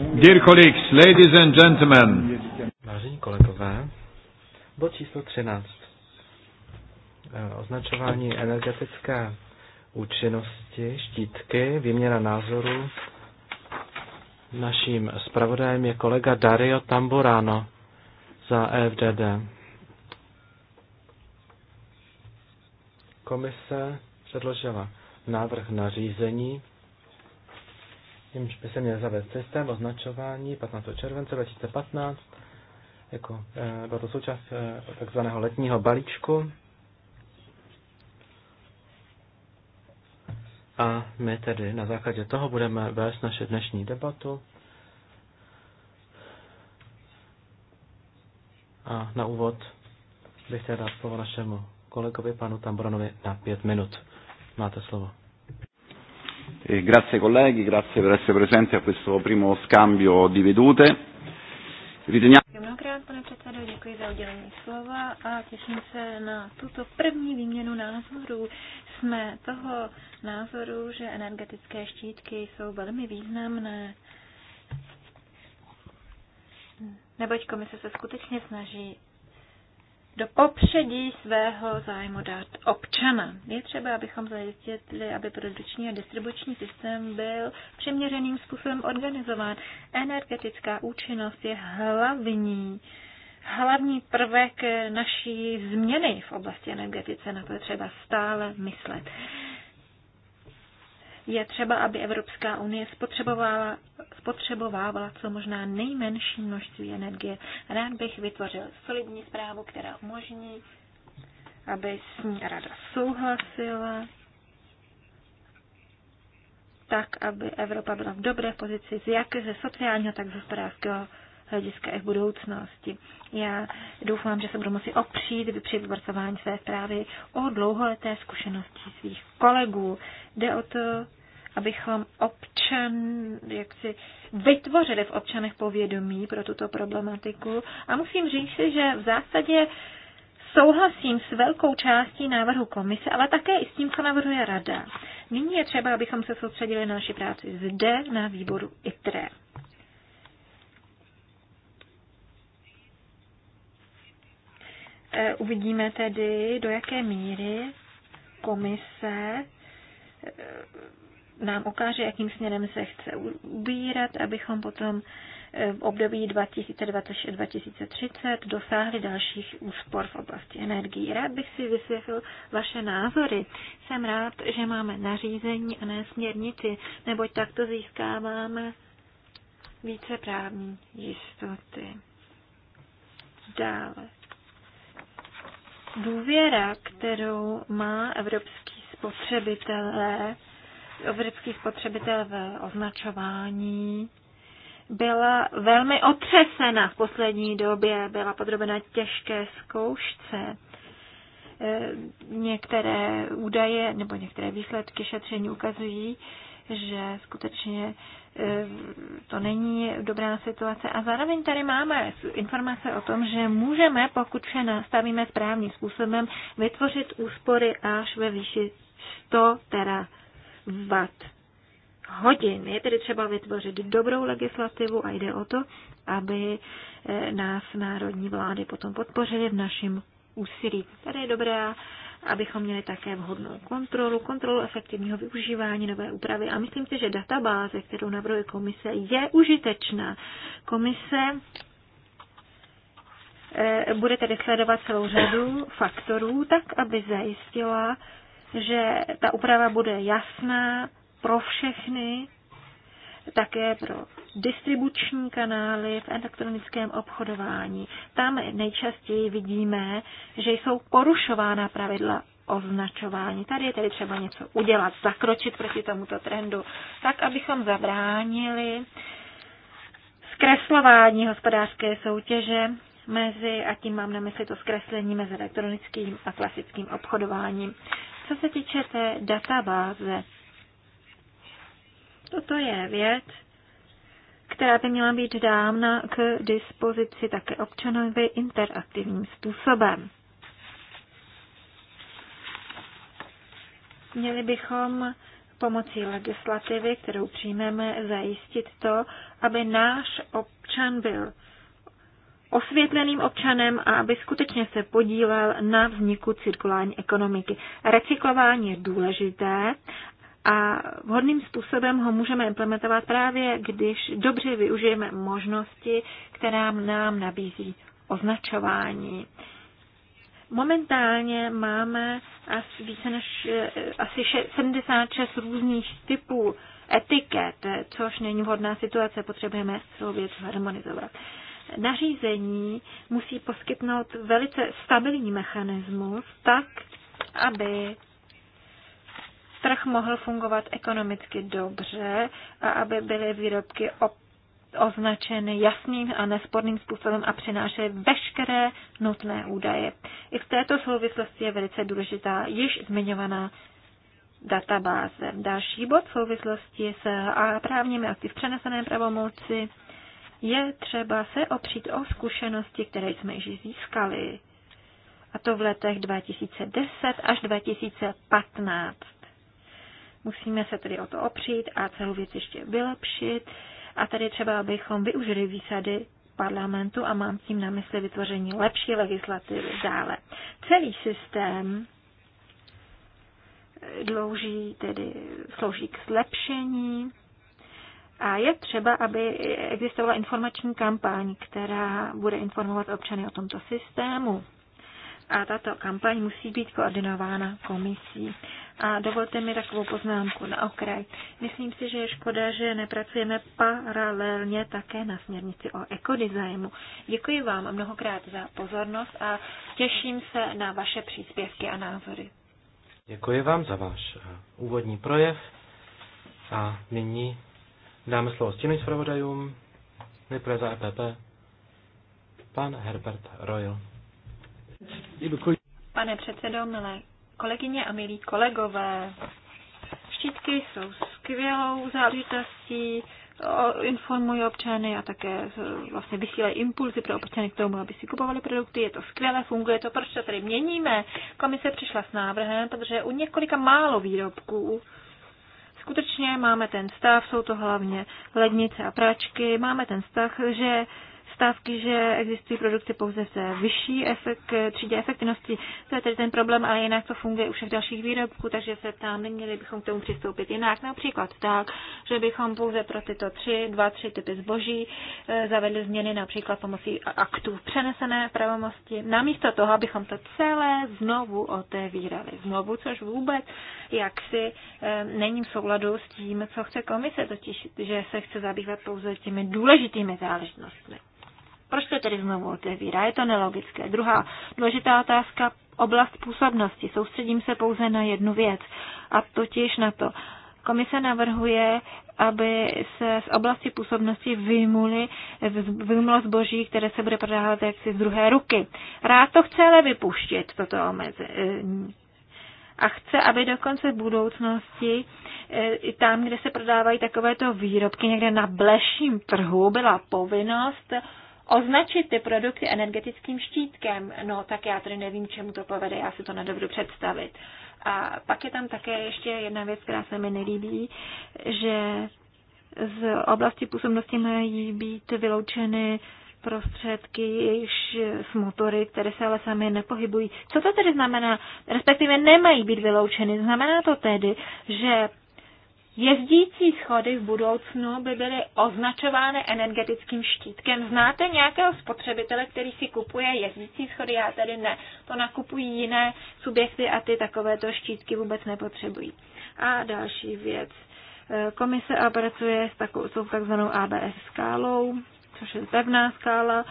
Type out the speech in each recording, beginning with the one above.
Dear colleagues, ladies and gentlemen. Vážení kolegové, bod číslo 13. Eh, označování energetické účinnosti, štítky, výměna názoru. Naším zpravodajem je kolega Dario Tamburano za EFDD. Komise předložila návrh na řízení Jímž by se měl zavést systém označování 15. července 2015, jako, eh, byla to součást eh, takzvaného letního balíčku. A my tedy na základě toho budeme vést naše dnešní debatu. A na úvod bych chtěl dát slovo našemu kolegovi panu Tamboranovi na pět minut. Máte slovo. Eh, grazie colleghi, grazie per essere presenti a questo primo scambio di vedute. Riteniamo... Mnohokrát, pane předsedo, děkuji za udělení slova a těším se na tuto první výměnu názorů. Jsme toho názoru, že energetické štítky jsou velmi významné, neboť komise se skutečně snaží do popředí svého zájmu dát občana. Je třeba, abychom zajistili, aby produkční a distribuční systém byl přiměřeným způsobem organizován. Energetická účinnost je hlavní hlavní prvek naší změny v oblasti energetice. Na to je třeba stále myslet je třeba, aby Evropská unie spotřebovala, spotřebovávala co možná nejmenší množství energie. Rád bych vytvořil solidní zprávu, která umožní, aby s ní rada souhlasila, tak, aby Evropa byla v dobré pozici, z jak ze sociálního, tak z hospodářského hlediska i v budoucnosti. Já doufám, že se budu moci opřít při vypracování své zprávy o dlouholeté zkušenosti svých kolegů. Jde o to, abychom občan, jak si vytvořili v občanech povědomí pro tuto problematiku. A musím říct, že v zásadě souhlasím s velkou částí návrhu komise, ale také i s tím, co navrhuje rada. Nyní je třeba, abychom se soustředili na naši práci zde na výboru ITRE. E, uvidíme tedy, do jaké míry komise e, nám ukáže, jakým směrem se chce ubírat, abychom potom e, v období 2020-2030 dosáhli dalších úspor v oblasti energií. Rád bych si vysvětlil vaše názory. Jsem rád, že máme nařízení a ne směrnici, neboť takto získáváme více právní jistoty. Dále. Důvěra, kterou má evropský spotřebitelé evropský spotřebitel v označování byla velmi otřesena v poslední době, byla podrobena těžké zkoušce. E, některé údaje nebo některé výsledky šetření ukazují, že skutečně e, to není dobrá situace. A zároveň tady máme informace o tom, že můžeme, pokud se nastavíme správným způsobem, vytvořit úspory až ve výši 100 tera Watt hodin. Je tedy třeba vytvořit dobrou legislativu a jde o to, aby eh, nás národní vlády potom podpořily v našem úsilí. Tady je dobrá abychom měli také vhodnou kontrolu, kontrolu efektivního využívání nové úpravy. A myslím si, že databáze, kterou navrhuje komise, je užitečná. Komise eh, bude tedy sledovat celou řadu faktorů, tak aby zajistila, že ta úprava bude jasná pro všechny, také pro distribuční kanály v elektronickém obchodování. Tam nejčastěji vidíme, že jsou porušována pravidla označování. Tady je tedy třeba něco udělat, zakročit proti tomuto trendu, tak abychom zabránili zkreslování hospodářské soutěže mezi, a tím mám na mysli to zkreslení mezi elektronickým a klasickým obchodováním. Co se týče té databáze, toto je věc, která by měla být dána k dispozici také občanovi interaktivním způsobem. Měli bychom pomocí legislativy, kterou přijmeme, zajistit to, aby náš občan byl osvětleným občanem a aby skutečně se podílel na vzniku cirkulární ekonomiky. Recyklování je důležité a vhodným způsobem ho můžeme implementovat právě, když dobře využijeme možnosti, která nám nabízí označování. Momentálně máme asi více než eh, asi 76 různých typů etiket, což není vhodná situace, potřebujeme celou věc harmonizovat nařízení musí poskytnout velice stabilní mechanismus, tak, aby trh mohl fungovat ekonomicky dobře a aby byly výrobky označeny jasným a nesporným způsobem a přinášely veškeré nutné údaje. I v této souvislosti je velice důležitá již zmiňovaná databáze. Další bod v souvislosti s právními akty v přeneseném pravomoci je třeba se opřít o zkušenosti, které jsme již získali, a to v letech 2010 až 2015. Musíme se tedy o to opřít a celou věc ještě vylepšit. A tady třeba, abychom využili výsady parlamentu a mám tím na mysli vytvoření lepší legislativy dále. Celý systém dlouží, tedy slouží k zlepšení a je třeba, aby existovala informační kampaň, která bude informovat občany o tomto systému. A tato kampaň musí být koordinována komisí. A dovolte mi takovou poznámku na okraj. Myslím si, že je škoda, že nepracujeme paralelně také na směrnici o ekodizajmu. Děkuji vám mnohokrát za pozornost a těším se na vaše příspěvky a názory. Děkuji vám za váš eh, úvodní projev a nyní Dáme slovo stínovým zpravodajům. Nejprve za EPP. Pan Herbert Royal. Pane předsedo, milé kolegyně a milí kolegové, štítky jsou skvělou záležitostí, informují občany a také vlastně vysílají impulzy pro občany k tomu, aby si kupovali produkty. Je to skvělé, funguje to, proč to tady měníme? Komise přišla s návrhem, protože u několika málo výrobků skutečně máme ten stav, jsou to hlavně lednice a pračky, máme ten stav, že poptávky, že existují produkty pouze se vyšší efekt, třídě efektivnosti. To je tedy ten problém, ale jinak to funguje u všech dalších výrobků, takže se tam neměli bychom k tomu přistoupit jinak. Například tak, že bychom pouze pro tyto tři, dva, tři typy zboží eh, zavedli změny například pomocí aktů přenesené pravomosti, namísto toho, abychom to celé znovu otevírali. Znovu, což vůbec jaksi eh, není v souladu s tím, co chce komise, totiž, že se chce zabývat pouze těmi důležitými záležitostmi. Proč se tedy znovu otevírá? Je to nelogické. Druhá důležitá otázka, oblast působnosti. Soustředím se pouze na jednu věc, a totiž na to. Komise navrhuje, aby se z oblasti působnosti vyjmuli, vyjmulo zboží, které se bude prodávat jaksi z druhé ruky. Rád to chce ale vypuštět, toto omezení a chce, aby dokonce v budoucnosti eh, i tam, kde se prodávají takovéto výrobky někde na bleším trhu, byla povinnost označit ty produkty energetickým štítkem. No tak já tady nevím, čemu to povede, já si to nedovedu představit. A pak je tam také ještě jedna věc, která se mi nelíbí, že z oblasti působnosti mají být vyloučeny prostředky, již s motory, které se ale sami nepohybují. Co to tedy znamená? Respektive nemají být vyloučeny. Znamená to tedy, že Jezdící schody v budoucnu by byly označovány energetickým štítkem. Znáte nějakého spotřebitele, který si kupuje jezdící schody? Já tady ne. To nakupují jiné subjekty a ty takovéto štítky vůbec nepotřebují. A další věc. E, komise pracuje s, takovou, takzvanou ABS skálou, což je pevná skála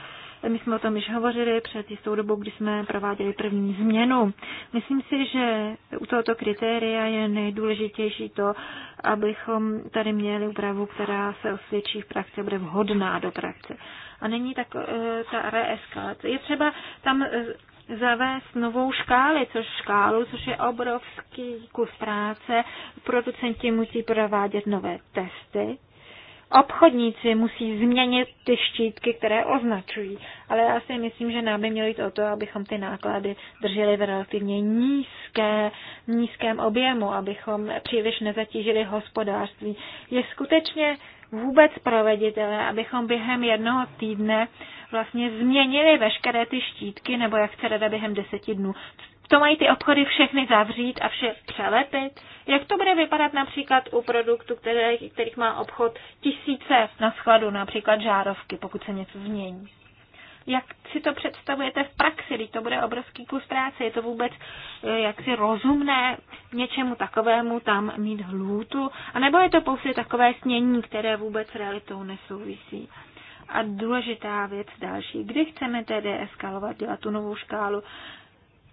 my jsme o tom již hovořili před jistou dobou, kdy jsme prováděli první změnu. Myslím si, že u tohoto kritéria je nejdůležitější to, abychom tady měli úpravu, která se osvědčí v praxi, bude vhodná do praxe. A není tak eh, ta reeskalace. Je třeba tam eh, zavést novou škálu, což škálu, což je obrovský kus práce. Producenti musí provádět nové testy, obchodníci musí změnit ty štítky, které označují. Ale já si myslím, že nám by mělo jít o to, abychom ty náklady drželi v relativně nízké, nízkém objemu, abychom příliš nezatížili hospodářství. Je skutečně vůbec proveditelné, abychom během jednoho týdne vlastně změnili veškeré ty štítky, nebo jak chce rada během deseti dnů. To mají ty obchody všechny zavřít a vše přelepit? Jak to bude vypadat například u produktů, kterých, kterých má obchod tisíce na skladu, například žárovky, pokud se něco změní? Jak si to představujete v praxi, když to bude obrovský kus práce? Je to vůbec eh, jaksi rozumné něčemu takovému tam mít hlůtu? A nebo je to pouze takové snění, které vůbec realitou nesouvisí? A důležitá věc další, kdy chceme tedy eskalovat, dělat tu novou škálu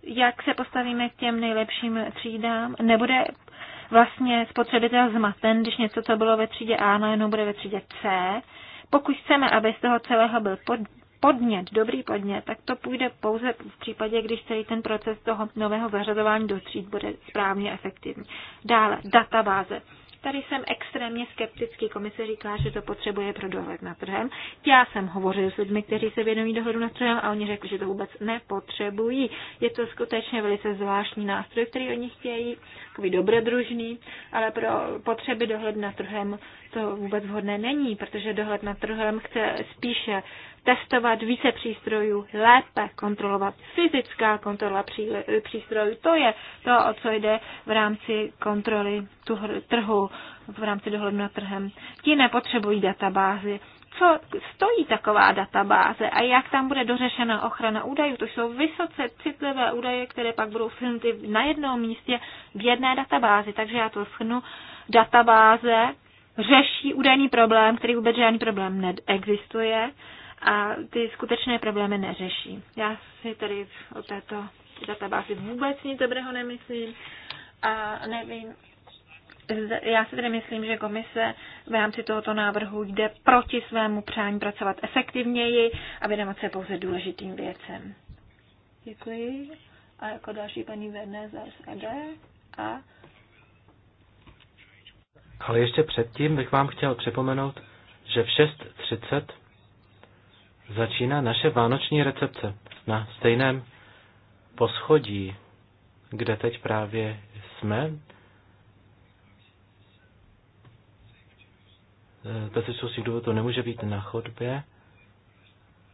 jak se postavíme k těm nejlepším třídám. Nebude vlastně spotřebitel zmaten, když něco, co bylo ve třídě A, najednou bude ve třídě C. Pokud chceme, aby z toho celého byl pod, podnět, dobrý podnět, tak to půjde pouze v případě, když celý ten proces toho nového zařazování do tříd bude správně efektivní. Dále, databáze. Tady jsem extrémně skeptický. Komise říká, že to potřebuje pro dohled na trhem. Já jsem hovořil s lidmi, kteří se věnují dohledu na trhem a oni řekli, že to vůbec nepotřebují. Je to skutečně velice zvláštní nástroj, který oni chtějí, takový dobrodružný, ale pro potřeby dohled na trhem to vůbec vhodné není, protože dohled na trhem chce spíše testovat více přístrojů, lépe kontrolovat. Fyzická kontrola přístrojů, to je to, o co jde v rámci kontroly trhu, v rámci dohledu nad trhem. Ti nepotřebují databázy. Co stojí taková databáze a jak tam bude dořešena ochrana údajů? To jsou vysoce citlivé údaje, které pak budou shrnuty na jednom místě v jedné databázi. Takže já to schnu Databáze řeší údajný problém, který vůbec žádný problém neexistuje a ty skutečné problémy neřeší. Já si tady o této databázi vůbec nic dobrého nemyslím a nevím, já si tedy myslím, že komise v rámci tohoto návrhu jde proti svému přání pracovat efektivněji a věnovat se pouze důležitým věcem. Děkuji. A jako další paní Verne z SAD. A... Ale ještě předtím bych vám chtěl připomenout, že v 6.30 začíná naše vánoční recepce na stejném poschodí, kde teď právě jsme. Eh, si důvod to nemůže být na chodbě,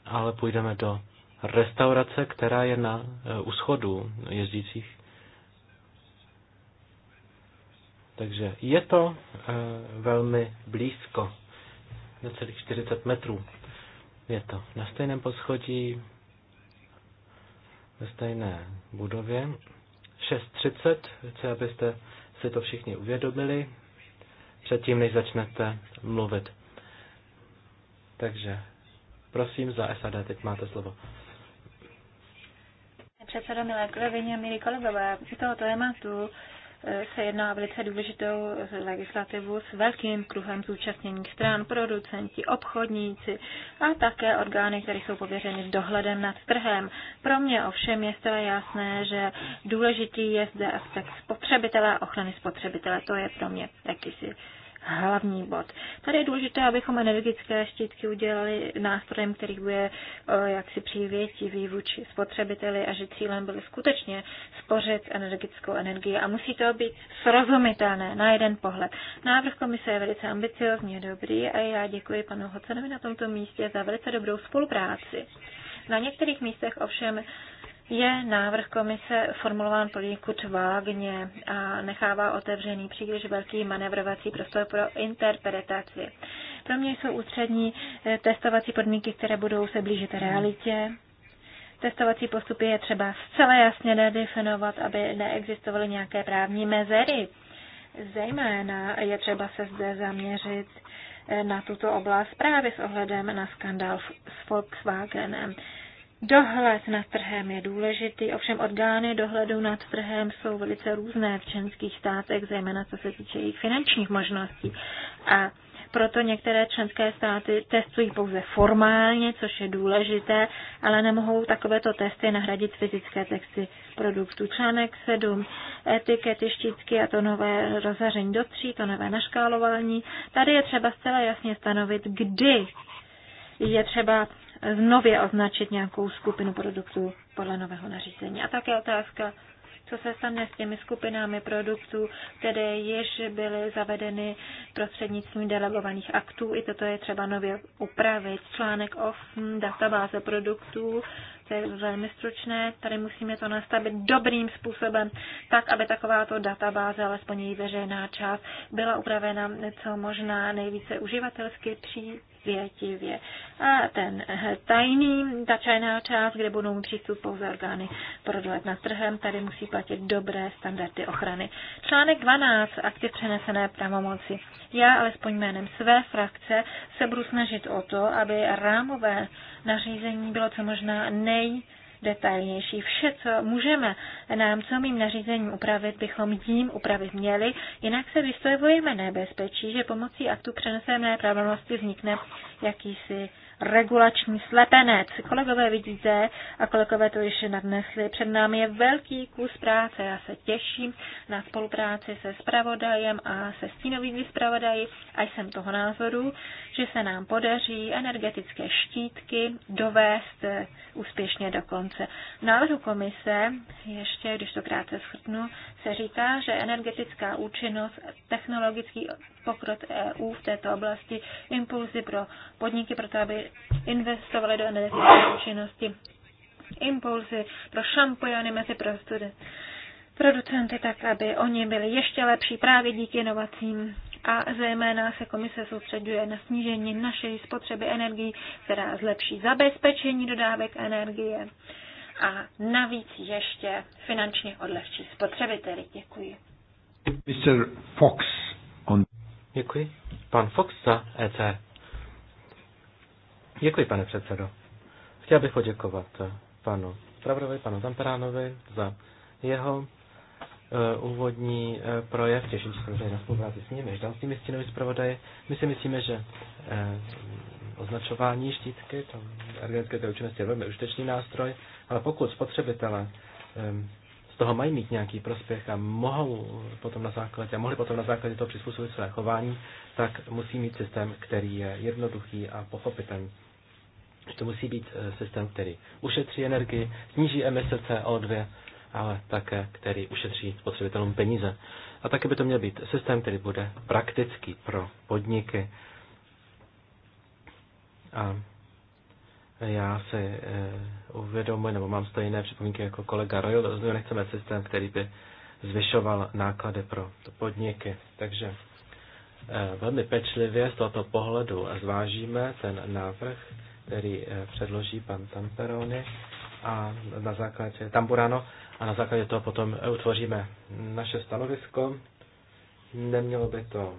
ale půjdeme do restaurace, která je na eh, uschodu jezdících. Takže je to eh, velmi blízko, necelých 40 metrů. Je to na stejném poschodí, ve stejné budově. 6.30, chci, abyste si to všichni uvědomili, předtím, než začnete mluvit. Takže prosím, za SAD teď máte slovo. Předsedo, milé kolegyně, milí kolegové, u toho tématu se jedná o velice důležitou legislativu s velkým kruhem zúčastněných stran, producenti, obchodníci a také orgány, které jsou pověřeny dohledem nad trhem. Pro mě ovšem je zcela jasné, že důležitý je zde aspekt spotřebitele a ochrany spotřebitele. To je pro mě jakýsi hlavní bod. Tady je důležité, abychom energetické štítky udělali nástrojem, který bude eh, jaksi přívěstí vývuči spotřebiteli a že cílem byly skutečně spořit energetickou energii. A musí to být srozumitelné na jeden pohled. Návrh komise je velice ambiciozně dobrý a já děkuji panu Hocenovi na tomto místě za velice dobrou spolupráci. Na některých místech ovšem je návrh komise formulován poněkud vágně a nechává otevřený příliš velký manevrovací prostor pro interpretaci. Pro mě jsou ústřední eh, testovací podmínky, které budou se blížit realitě. Testovací postupy je třeba zcela jasně nedefinovat, aby neexistovaly nějaké právní mezery. Zejména je třeba se zde zaměřit eh, na tuto oblast právě s ohledem na skandál s Volkswagenem. Dohled nad trhem je důležitý, ovšem orgány dohledu nad trhem jsou velice různé v členských státech, zejména co se týče jejich finančních možností. A proto některé členské státy testují pouze formálně, což je důležité, ale nemohou takovéto testy nahradit fyzické texty produktů. Článek 7, etikety, štítky a to nové rozhaření do tří, to nové naškálování. Tady je třeba zcela jasně stanovit, kdy je třeba nově označit nějakou skupinu produktů podle nového nařízení. A také otázka, co se stane s těmi skupinami produktů, které již byly zavedeny prostřednictvím delegovaných aktů. I toto je třeba nově upravit. Článek 8, databáze produktů, to je velmi stručné. Tady musíme to nastavit dobrým způsobem, tak, aby takováto databáze, alespoň její veřejná část, byla upravena co možná nejvíce uživatelsky při světivě. A ten eh, tajný, ta čajná část, kde budou mít přístup pouze orgány pro dolet nad trhem, tady musí platit dobré standardy ochrany. Článek 12, akty přenesené pravomoci. Já alespoň jménem své frakce se budu snažit o to, aby rámové nařízení bylo co možná nej detailnější. Vše, co můžeme námcovým nařízením upravit, bychom jim upravit měli, jinak se vystavujeme nebezpečí, že pomocí aktu přenesené pravomosti vznikne jakýsi regulační slepenec. Kolegové vidíte a kolegové to ještě nadnesli. Před námi je velký kus práce. Já se těším na spolupráci se spravodajem a se stínovými spravodaji a jsem toho názoru, že se nám podaří energetické štítky dovést eh, úspěšně do konce. V návrhu komise, ještě když to krátce schrtnu, se říká, že energetická účinnost, technologický pokrok EU v této oblasti, impulzy pro podniky, proto aby investovaly do energetické účinnosti, impulzy pro šampiony mezi prostudy, producenty, tak aby oni byli ještě lepší právě díky inovacím a zejména se komise soustředuje na snížení naší spotřeby energií, která zlepší zabezpečení dodávek energie a navíc ještě finančně odlehčí spotřebiteli. Děkuji. Mr. Fox on... Děkuji. Pan Fox za EC. Děkuji, pane předsedo. Chtěl bych poděkovat eh, panu Pravrovi, panu Zamperánovi za jeho eh, úvodní eh, projev, těším se samozřejmě na spolupráci s nimi, dal s nimi zpravodaje. My si myslíme, že označování štítky, to energetické účinnosti je velmi užitečný nástroj, ale pokud spotřebitele z toho mají mít nějaký prospěch a mohou potom na základě, a mohli potom na základě toho přizpůsobit své chování, tak musí mít systém, který je jednoduchý a pochopitelný. To musí být eh, systém, který ušetří energii, sníží emise CO2, ale také, který ušetří spotřebitelům peníze. A také by to měl být systém, který bude praktický pro podniky. A já si eh, uvědomuji, nebo mám stejné připomínky jako kolega Royal, rozhodně nechceme systém, který by zvyšoval náklady pro podniky. Takže eh, velmi pečlivě z tohoto pohledu zvážíme ten návrh, který eh, předloží pan Tamperoni a na základě Tamburano a na základě toho potom utvoříme naše stanovisko. Nemělo by to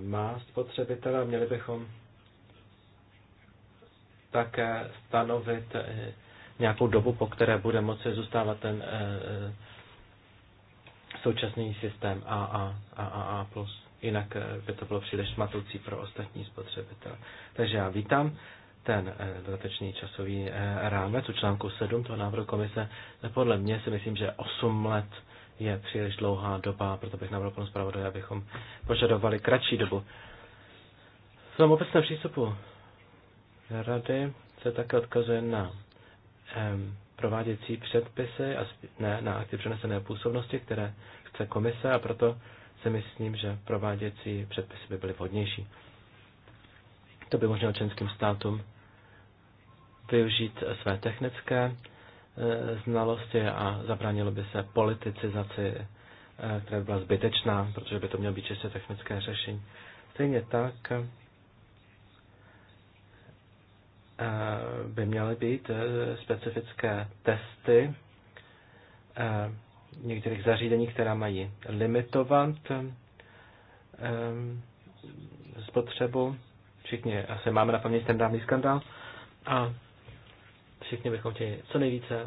má spotřebitele, měli bychom také stanovit eh, nějakou dobu, po které bude moci zůstávat ten eh, eh, současný systém AA, AAA+. Jinak by to bylo příliš matoucí pro ostatní spotřebitele. Takže já vítám ten dodatečný časový rámec u článku 7 toho návrhu komise. Podle mě si myslím, že 8 let je příliš dlouhá doba, proto bych navrhl panu zpravodaji, abychom požadovali kratší dobu. V tom obecném přístupu rady se také odkazuje na prováděcí předpisy a ne na akty přenesené působnosti, které chce komise a proto si myslím, že prováděcí předpisy by byly vhodnější. To by možná členským státům využít své technické e, znalosti a zabránilo by se politicizaci, e, která by byla zbytečná, protože by to mělo být čistě technické řešení. Stejně tak Eh, by měly být eh, specifické testy eh, některých zařízení, která mají limitovat spotřebu. Všichni asi máme na paměti ten dávný skandál a všichni bychom chtěli co nejvíce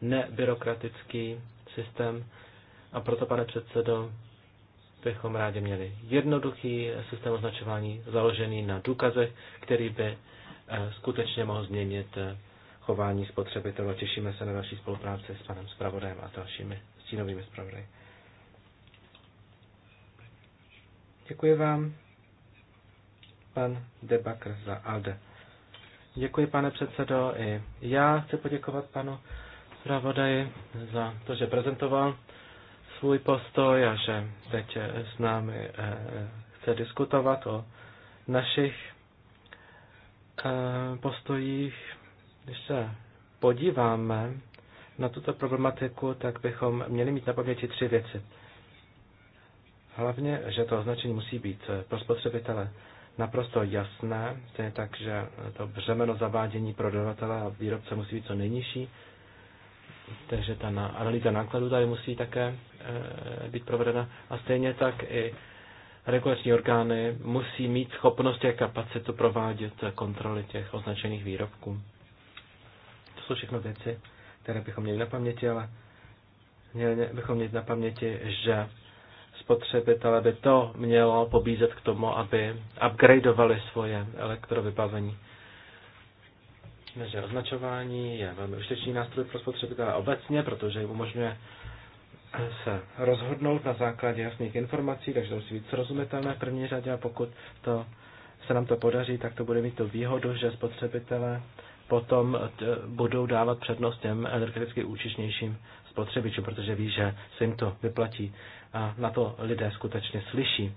nebyrokratický systém a proto, pane předsedo, bychom rádi měli jednoduchý systém označování založený na důkazech, který by Eh, skutečně mohl změnit eh, chování spotřebitelů. Těšíme se na další spolupráci s panem Spravodajem a dalšími stínovými zpravodaji. Děkuji vám, pan Debakr za ALDE. Děkuji, pane předsedo. I já chci poděkovat panu zpravodaji za to, že prezentoval svůj postoj a že teď s námi eh, chce diskutovat o našich Eh, postojích. Když se podíváme na tuto problematiku, tak bychom měli mít na paměti tři věci. Hlavně, že to označení musí být eh, pro spotřebitele naprosto jasné, to je tak, že to břemeno zavádění pro dodavatele a výrobce musí být co nejnižší, takže ta analýza nákladů tady musí také eh, být provedena. A stejně tak i regulační orgány musí mít schopnost a kapacitu provádět kontroly těch označených výrobků. To jsou všechno věci, které bychom měli na paměti, ale měli bychom měli na paměti, že spotřebitele by to mělo pobízet k tomu, aby upgradeovali svoje elektrovybavení. Takže označování je velmi užitečný nástroj pro spotřebitele obecně, protože jim umožňuje se rozhodnout na základě jasných informací, takže to musí být srozumitelné v první řadě a pokud to, se nám to podaří, tak to bude mít tu výhodu, že spotřebitelé potom eh, budou dávat přednost těm energeticky účinnějším spotřebičům, protože ví, že se jim to vyplatí a na to lidé skutečně slyší.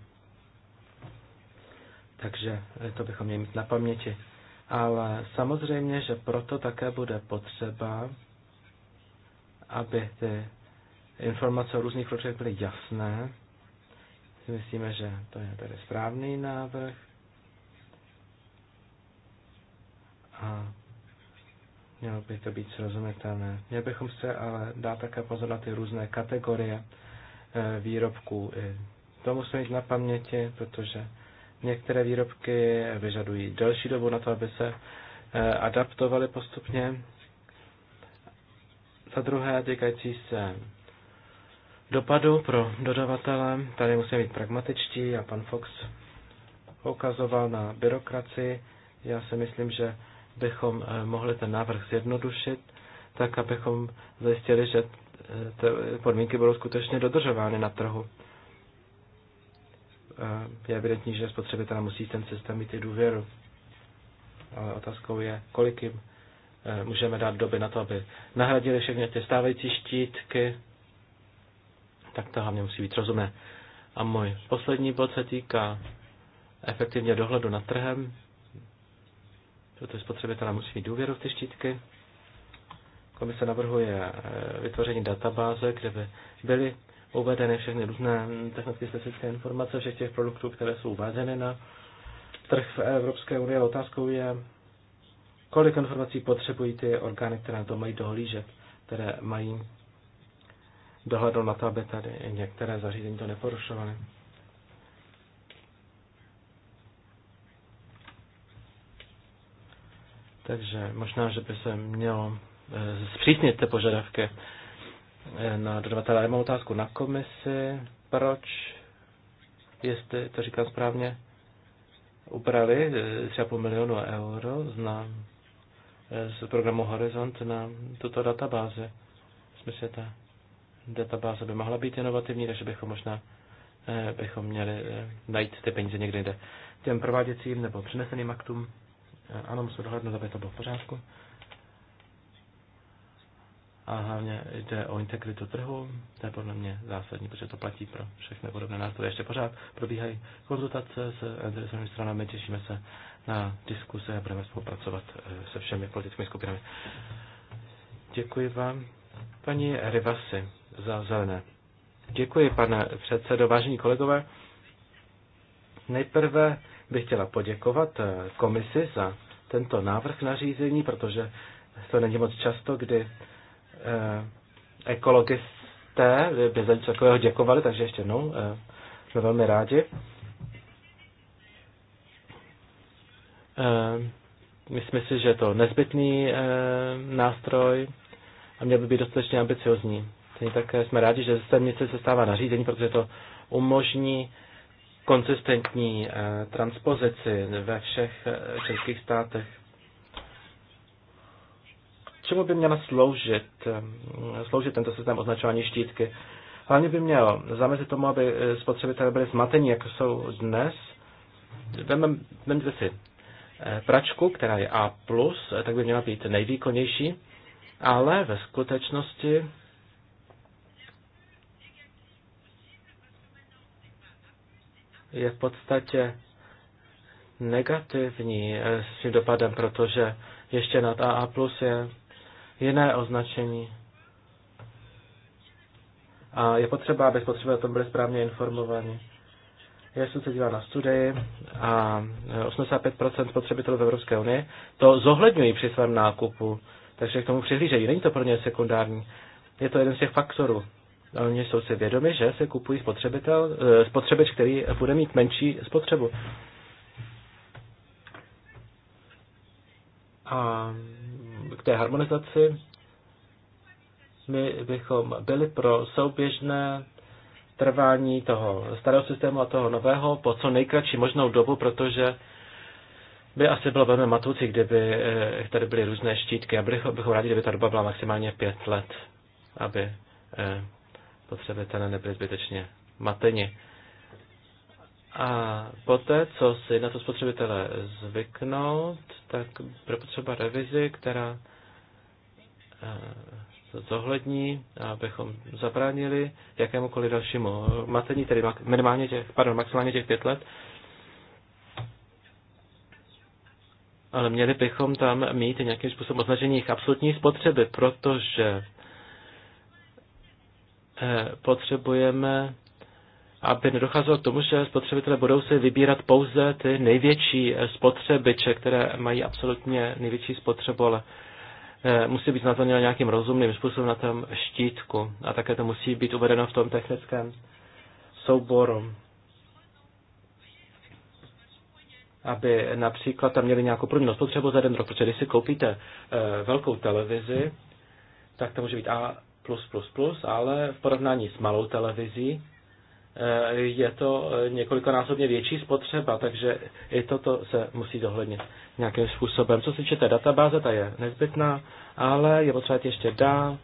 Takže eh, to bychom měli mít na paměti. Ale samozřejmě, že proto také bude potřeba, aby ty informace o různých projektech byly jasné. Si myslíme, že to je tedy správný návrh. A mělo by to být srozumitelné. Měli bychom se ale dát také pozor na ty různé kategorie eh, výrobků. To musíme mít na paměti, protože některé výrobky vyžadují delší dobu na to, aby se eh, adaptovaly postupně. Za druhé, týkající se dopadu pro dodavatele. Tady musíme být pragmatičtí a pan Fox ukazoval na byrokraci. Já si myslím, že bychom eh, mohli ten návrh zjednodušit, tak abychom zajistili, že eh, podmínky budou skutečně dodržovány na trhu. Eh, je evidentní, že spotřebitel musí ten systém mít i důvěru. Ale otázkou je, kolik jim můžeme dát doby na to, aby nahradili všechny ty stávající štítky, tak to hlavně musí být rozumné. A můj poslední bod se týká efektivně dohledu nad trhem, protože spotřebitelé musí mít důvěru v ty štítky. Komise navrhuje eh, vytvoření databáze, kde by byly uvedeny všechny různé hm, technické statistické informace všech těch produktů, které jsou uváděny na trh v Evropské unii. Otázkou je, kolik informací potřebují ty orgány, které na to mají dohlížet, které mají dohledl na to, aby tady některé zařízení to neporušovaly. Takže možná, že by se mělo eh, zpřísnit ty požadavky eh, na dodavatele. Já mám otázku na komisi, proč, jestli to říkám správně, ubrali 3,5 eh, milionu euro na, z programu Horizont na tuto databázi. Smyslíte? databáze by mohla být inovativní, takže bychom možná eh, bychom měli eh, najít ty peníze někde jde. Těm prováděcím nebo přeneseným aktům, eh, ano, musíme dohlednout, aby to bylo v pořádku. A hlavně jde o integritu trhu, to je podle mě zásadní, protože to platí pro všechny podobné nástroje. Ještě pořád probíhají konzultace s interesovými stranami, těšíme se na diskuse a budeme spolupracovat se všemi politickými skupinami. Děkuji vám. Paní Rivasi za zelené. Děkuji, pane předsedo, vážení kolegové. Nejprve bych chtěla poděkovat eh, komisi za tento návrh nařízení, protože to není moc často, kdy eh, ekologisté by za něco takového děkovali, takže ještě jednou eh, jsme velmi rádi. Myslím si, že je to nezbytný nástroj a měl by být dostatečně ambiciozní. Stejně tak eh, jsme rádi, že ze směrnice se stává nařízení, protože to umožní konsistentní eh, transpozici ve všech eh, českých státech. Čemu by měla sloužit, sloužit tento systém označování štítky? Hlavně by měl zamezit tomu, aby spotřebitelé byli zmatení, jako jsou dnes. Vemte si pračku, která je A+, tak by měla být nejvýkonnější, ale ve skutečnosti je v podstatě negativní eh, s tím dopadem, protože ještě nad AA plus je jiné označení. A je potřeba, aby spotřebitelé o tom byli správně informovaní. Já jsem se díval na studii a 85% eh, spotřebitelů v Evropské unii to zohledňují při svém nákupu, takže k tomu přihlížejí. Není to pro ně sekundární. Je to jeden z těch faktorů. Oni jsou si vědomi, že se kupují spotřebitel, eh, spotřebič, který bude mít menší spotřebu. A k té harmonizaci my bychom byli pro souběžné trvání toho starého systému a toho nového po co nejkratší možnou dobu, protože by asi bylo velmi matoucí, kdyby eh, tady byly různé štítky a bychom, rádi, kdyby ta doba byla maximálně pět let, aby eh, spotřebitelé nebyli zbytečně mateni. A poté, co si na to spotřebitelé zvyknout, tak pro potřeba revizi, která eh, to zohlední, abychom zabránili jakémukoliv dalšímu matení, tedy minimálně těch, pardon, maximálně těch pět let. Ale měli bychom tam mít nějakým způsobem označení jejich absolutní spotřeby, protože Eh, potřebujeme, aby nedocházelo k tomu, že spotřebitelé budou si vybírat pouze ty největší eh, spotřebiče, které mají absolutně největší spotřebu, ale eh, musí být znázorněno nějakým rozumným způsobem na tom štítku a také to musí být uvedeno v tom technickém souboru. Aby například tam měli nějakou průměrnou spotřebu za jeden rok, protože když si koupíte velkou televizi, tak to může být A Plus plus plus, ale v porovnání s malou televizí eh, je to eh, několikanásobně větší spotřeba, takže i toto se musí dohlednit nějakým způsobem. Co se týče té databáze, ta je nezbytná, ale je potřeba ještě dál.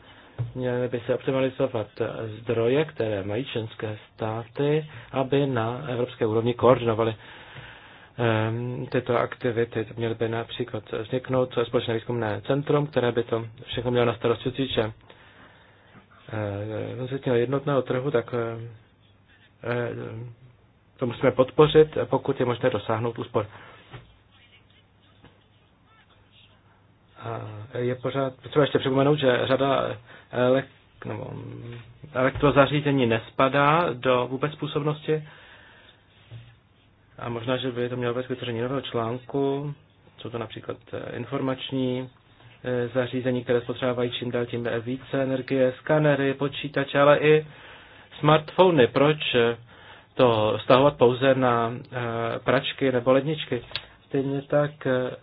Měly by se optimalizovat eh, zdroje, které mají členské státy, aby na evropské úrovni koordinovaly ehm, tyto aktivity. Měly by například vzniknout společné výzkumné centrum, které by to všechno mělo na starosti, co týče Eh, rozhodně jednotného trhu, tak eh, eh, to musíme podpořit, pokud je možné dosáhnout úspor. je pořád potřeba ještě připomenout, že řada elek, nebo mm, elektrozařízení nespadá do vůbec působnosti. A možná, že by to mělo být vytvoření nového článku, jsou to například informační E, zařízení, které spotřebovávají čím dál tím více energie, skanery, počítače, ale i smartfony. Proč to stahovat pouze na e, pračky nebo ledničky? Stejně tak e,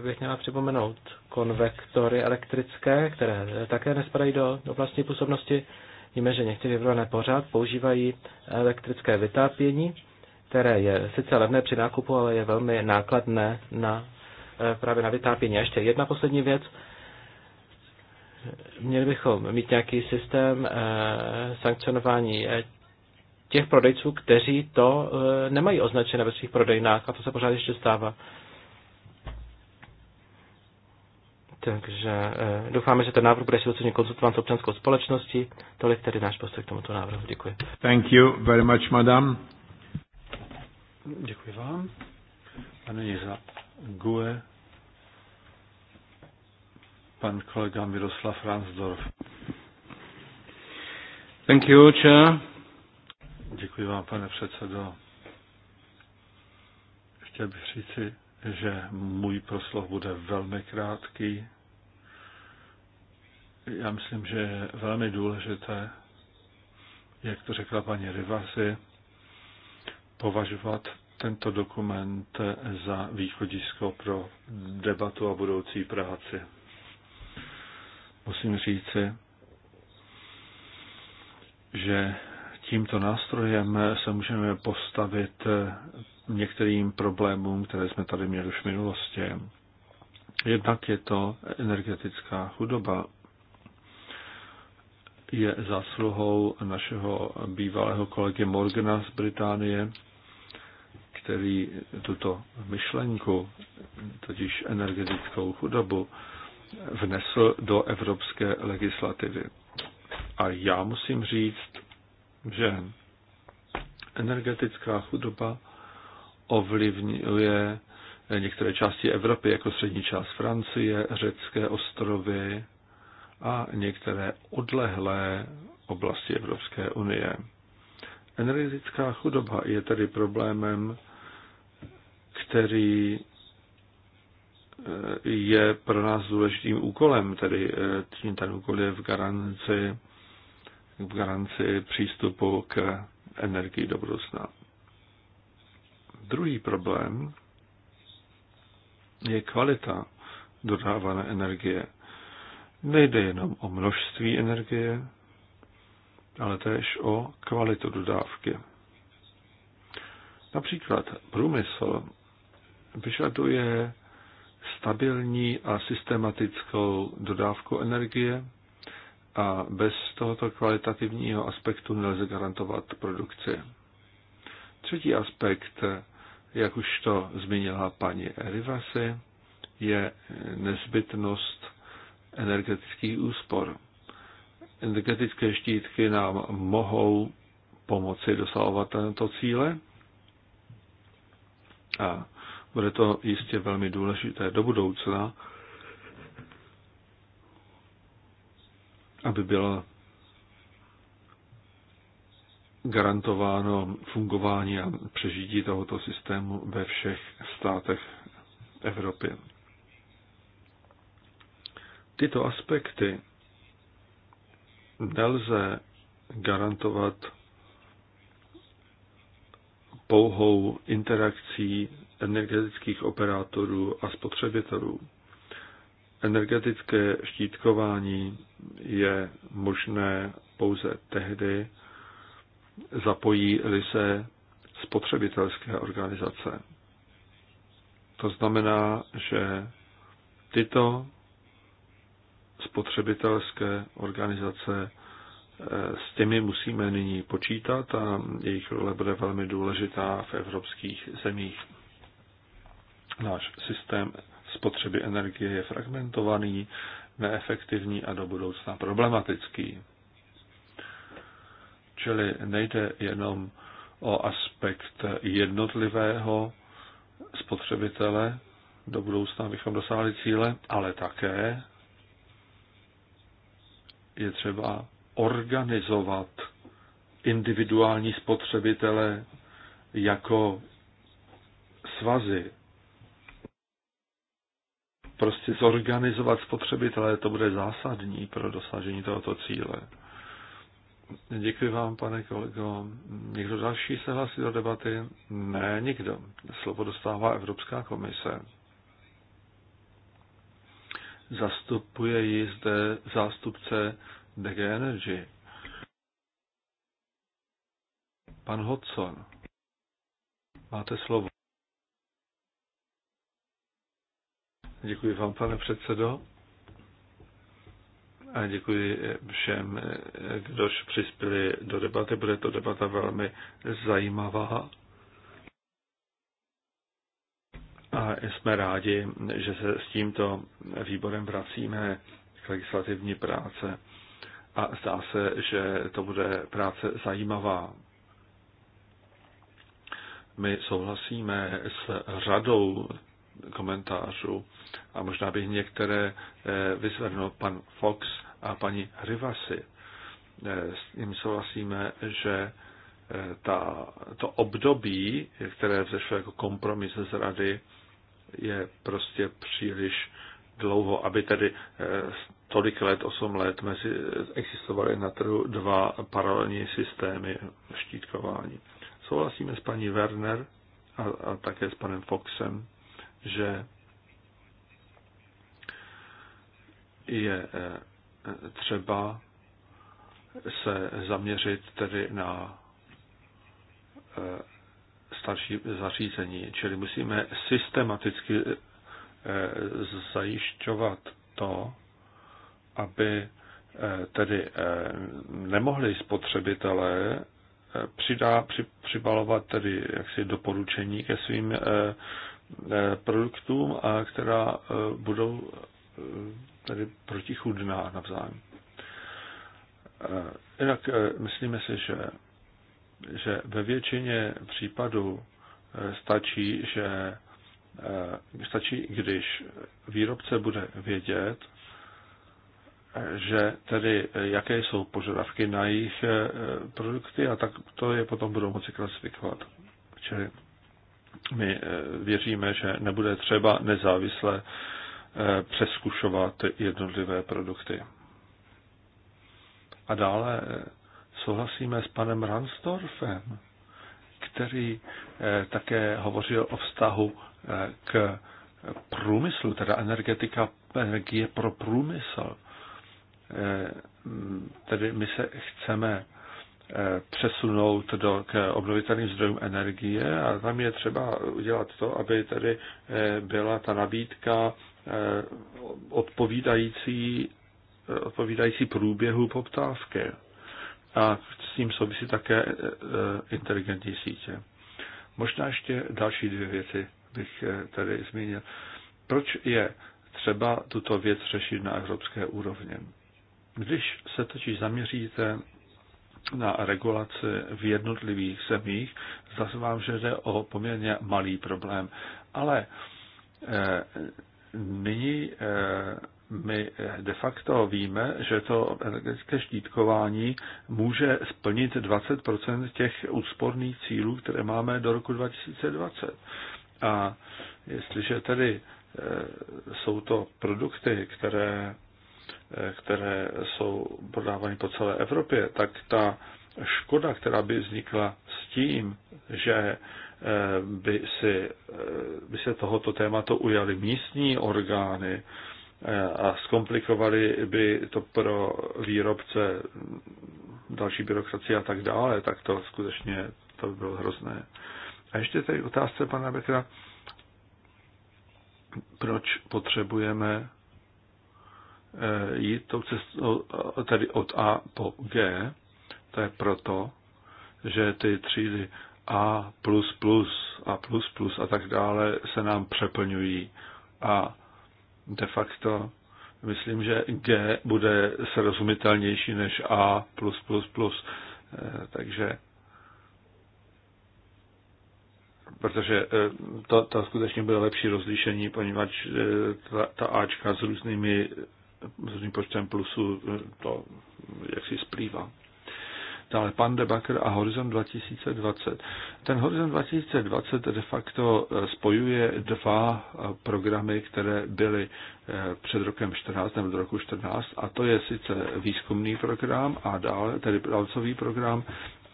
bych měla připomenout konvektory elektrické, které také nespadají do oblastní působnosti. Víme, že někteří vybrané pořád používají elektrické vytápění, které je sice levné při nákupu, ale je velmi nákladné na Eh, právě na vytápění. A ještě jedna poslední věc. Měli bychom mít nějaký systém eh, sankcionování eh, těch prodejců, kteří to nemají označené ve svých prodejnách a to se pořád ještě stává. Takže doufáme, že ten návrh bude silně konzultován s občanskou společností. Tolik tedy náš postoj k tomuto návrhu. Děkuji. Thank you very much, madam. Děkuji vám. Pane Jiza GUE pan kolega Miroslav Ransdorf. Thank you, chair. Děkuji vám, pane předsedo. Chtěl bych říci, že můj proslov bude velmi krátký. Já myslím, že je velmi důležité, jak to řekla paní Rivasi, považovat tento dokument za východisko pro debatu a budoucí práci musím říci, že tímto nástrojem se můžeme postavit některým problémům, které jsme tady měli už v minulosti. Jednak je to energetická chudoba. Je zásluhou našeho bývalého kolegy Morgana z Británie, který tuto myšlenku, totiž energetickou chudobu, vnesl do evropské legislativy. A já musím říct, že energetická chudoba ovlivňuje některé části Evropy, jako střední část Francie, řecké ostrovy a některé odlehlé oblasti Evropské unie. Energetická chudoba je tedy problémem, který je pro nás důležitým úkolem, tedy eh, ten úkol je v garanci, v garanci přístupu k energii do budoucna. Druhý problém je kvalita dodávané energie. Nejde jenom o množství energie, ale též o kvalitu dodávky. Například průmysl vyžaduje stabilní a systematickou dodávku energie a bez tohoto kvalitativního aspektu nelze garantovat produkci. Třetí aspekt, jak už to zmínila paní Erivasi, je nezbytnost energetických úspor. Energetické štítky nám mohou pomoci dosahovat tento cíle a bude to jistě velmi důležité do budoucna, aby bylo garantováno fungování a přežití tohoto systému ve všech státech Evropy. Tyto aspekty nelze garantovat pouhou interakcí energetických operátorů a spotřebitelů. Energetické štítkování je možné pouze tehdy, zapojí-li se spotřebitelské organizace. To znamená, že tyto spotřebitelské organizace eh, s těmi musíme nyní počítat a jejich role bude velmi důležitá v evropských zemích. Náš systém spotřeby energie je fragmentovaný, neefektivní a do budoucna problematický. Čili nejde jenom o aspekt jednotlivého spotřebitele, do budoucna bychom dosáhli cíle, ale také je třeba organizovat individuální spotřebitele jako svazy prostě zorganizovat spotřebitele, to bude zásadní pro dosažení tohoto cíle. Děkuji vám, pane kolego. Někdo další se hlásí do debaty? Ne, nikdo. Slovo dostává Evropská komise. Zastupuje ji zde zástupce DG Energy. Pan Hodson, máte slovo. Děkuji vám, pane předsedo. A děkuji všem, kdož přispěli do debaty. Bude to debata velmi zajímavá. A jsme rádi, že se s tímto výborem vracíme k legislativní práce. A zdá se, že to bude práce zajímavá. My souhlasíme s řadou komentářů a možná bych některé eh, vyzvednul pan Fox a paní Rivasi. Eh, s tím souhlasíme, že eh, ta, to období, které vzešlo jako kompromis z rady, je prostě příliš dlouho, aby tedy tolik let, 8 let, mezi, existovaly na trhu dva paralelní systémy štítkování. Souhlasíme s paní Werner a, a také s panem Foxem že je eh, třeba se zaměřit tedy na eh, starší zařízení. Čili musíme systematicky eh, zajišťovat to, aby tedy nemohli spotřebitelé přidá, při, přibalovat tedy jaksi doporučení ke svým Eh, produktům, která eh, budou eh, tady protichudná navzájem. Jinak myslíme si, že, že ve většině případů stačí, že stačí, když výrobce bude vědět, že tedy jaké jsou požadavky na jejich produkty a tak to je potom budou moci klasifikovat. Čili my eh, věříme, že nebude třeba nezávisle eh, přeskušovat jednotlivé produkty. A dále eh, souhlasíme s panem Ransdorfem, který také hovořil o vztahu k průmyslu, teda energetika, energie pro průmysl. Tedy my se chceme Eh, přesunout do, k obnovitelným zdrojům energie a tam je třeba udělat to, aby tedy eh, byla ta nabídka eh, odpovídající, odpovídající průběhu poptávky. A s tím souvisí také inteligentní sítě. Možná ještě další dvě věci bych tady zmínil. Proč je třeba tuto věc řešit na evropské úrovni? Když se totiž zaměříte na regulaci v jednotlivých zemích, zase vám, že jde o poměrně malý problém. Ale e, nyní e, my de facto víme, že to energetické štítkování může splnit 20 těch úsporných cílů, které máme do roku 2020. A jestliže tedy eh, jsou to produkty, které Eh, které jsou prodávány po celé Evropě, tak ta škoda, která by vznikla s tím, že eh, by, si, eh, by se tohoto tématu ujali místní orgány a zkomplikovali by to pro výrobce další byrokracie a tak dále, tak to skutečně to by bylo hrozné. A ještě tady otázce pana Bekra, proč potřebujeme Eh, jít tou cestou eh, tedy od A po G. To je proto, že ty třídy A++, A++ a tak dále se nám přeplňují. A de facto myslím, že G bude srozumitelnější než A++. Eh, takže protože to, to skutečně bude lepší rozlišení, poněvadž ta, ta Ačka s různými s počtem plusů eh, to jak si splývá. Dále pan Debaker a Horizon 2020. Ten Horizon 2020 de facto eh, spojuje dva eh, programy, které byly před rokem 14 nebo do roku 14 a to je sice výzkumný program a dále tedy pracový program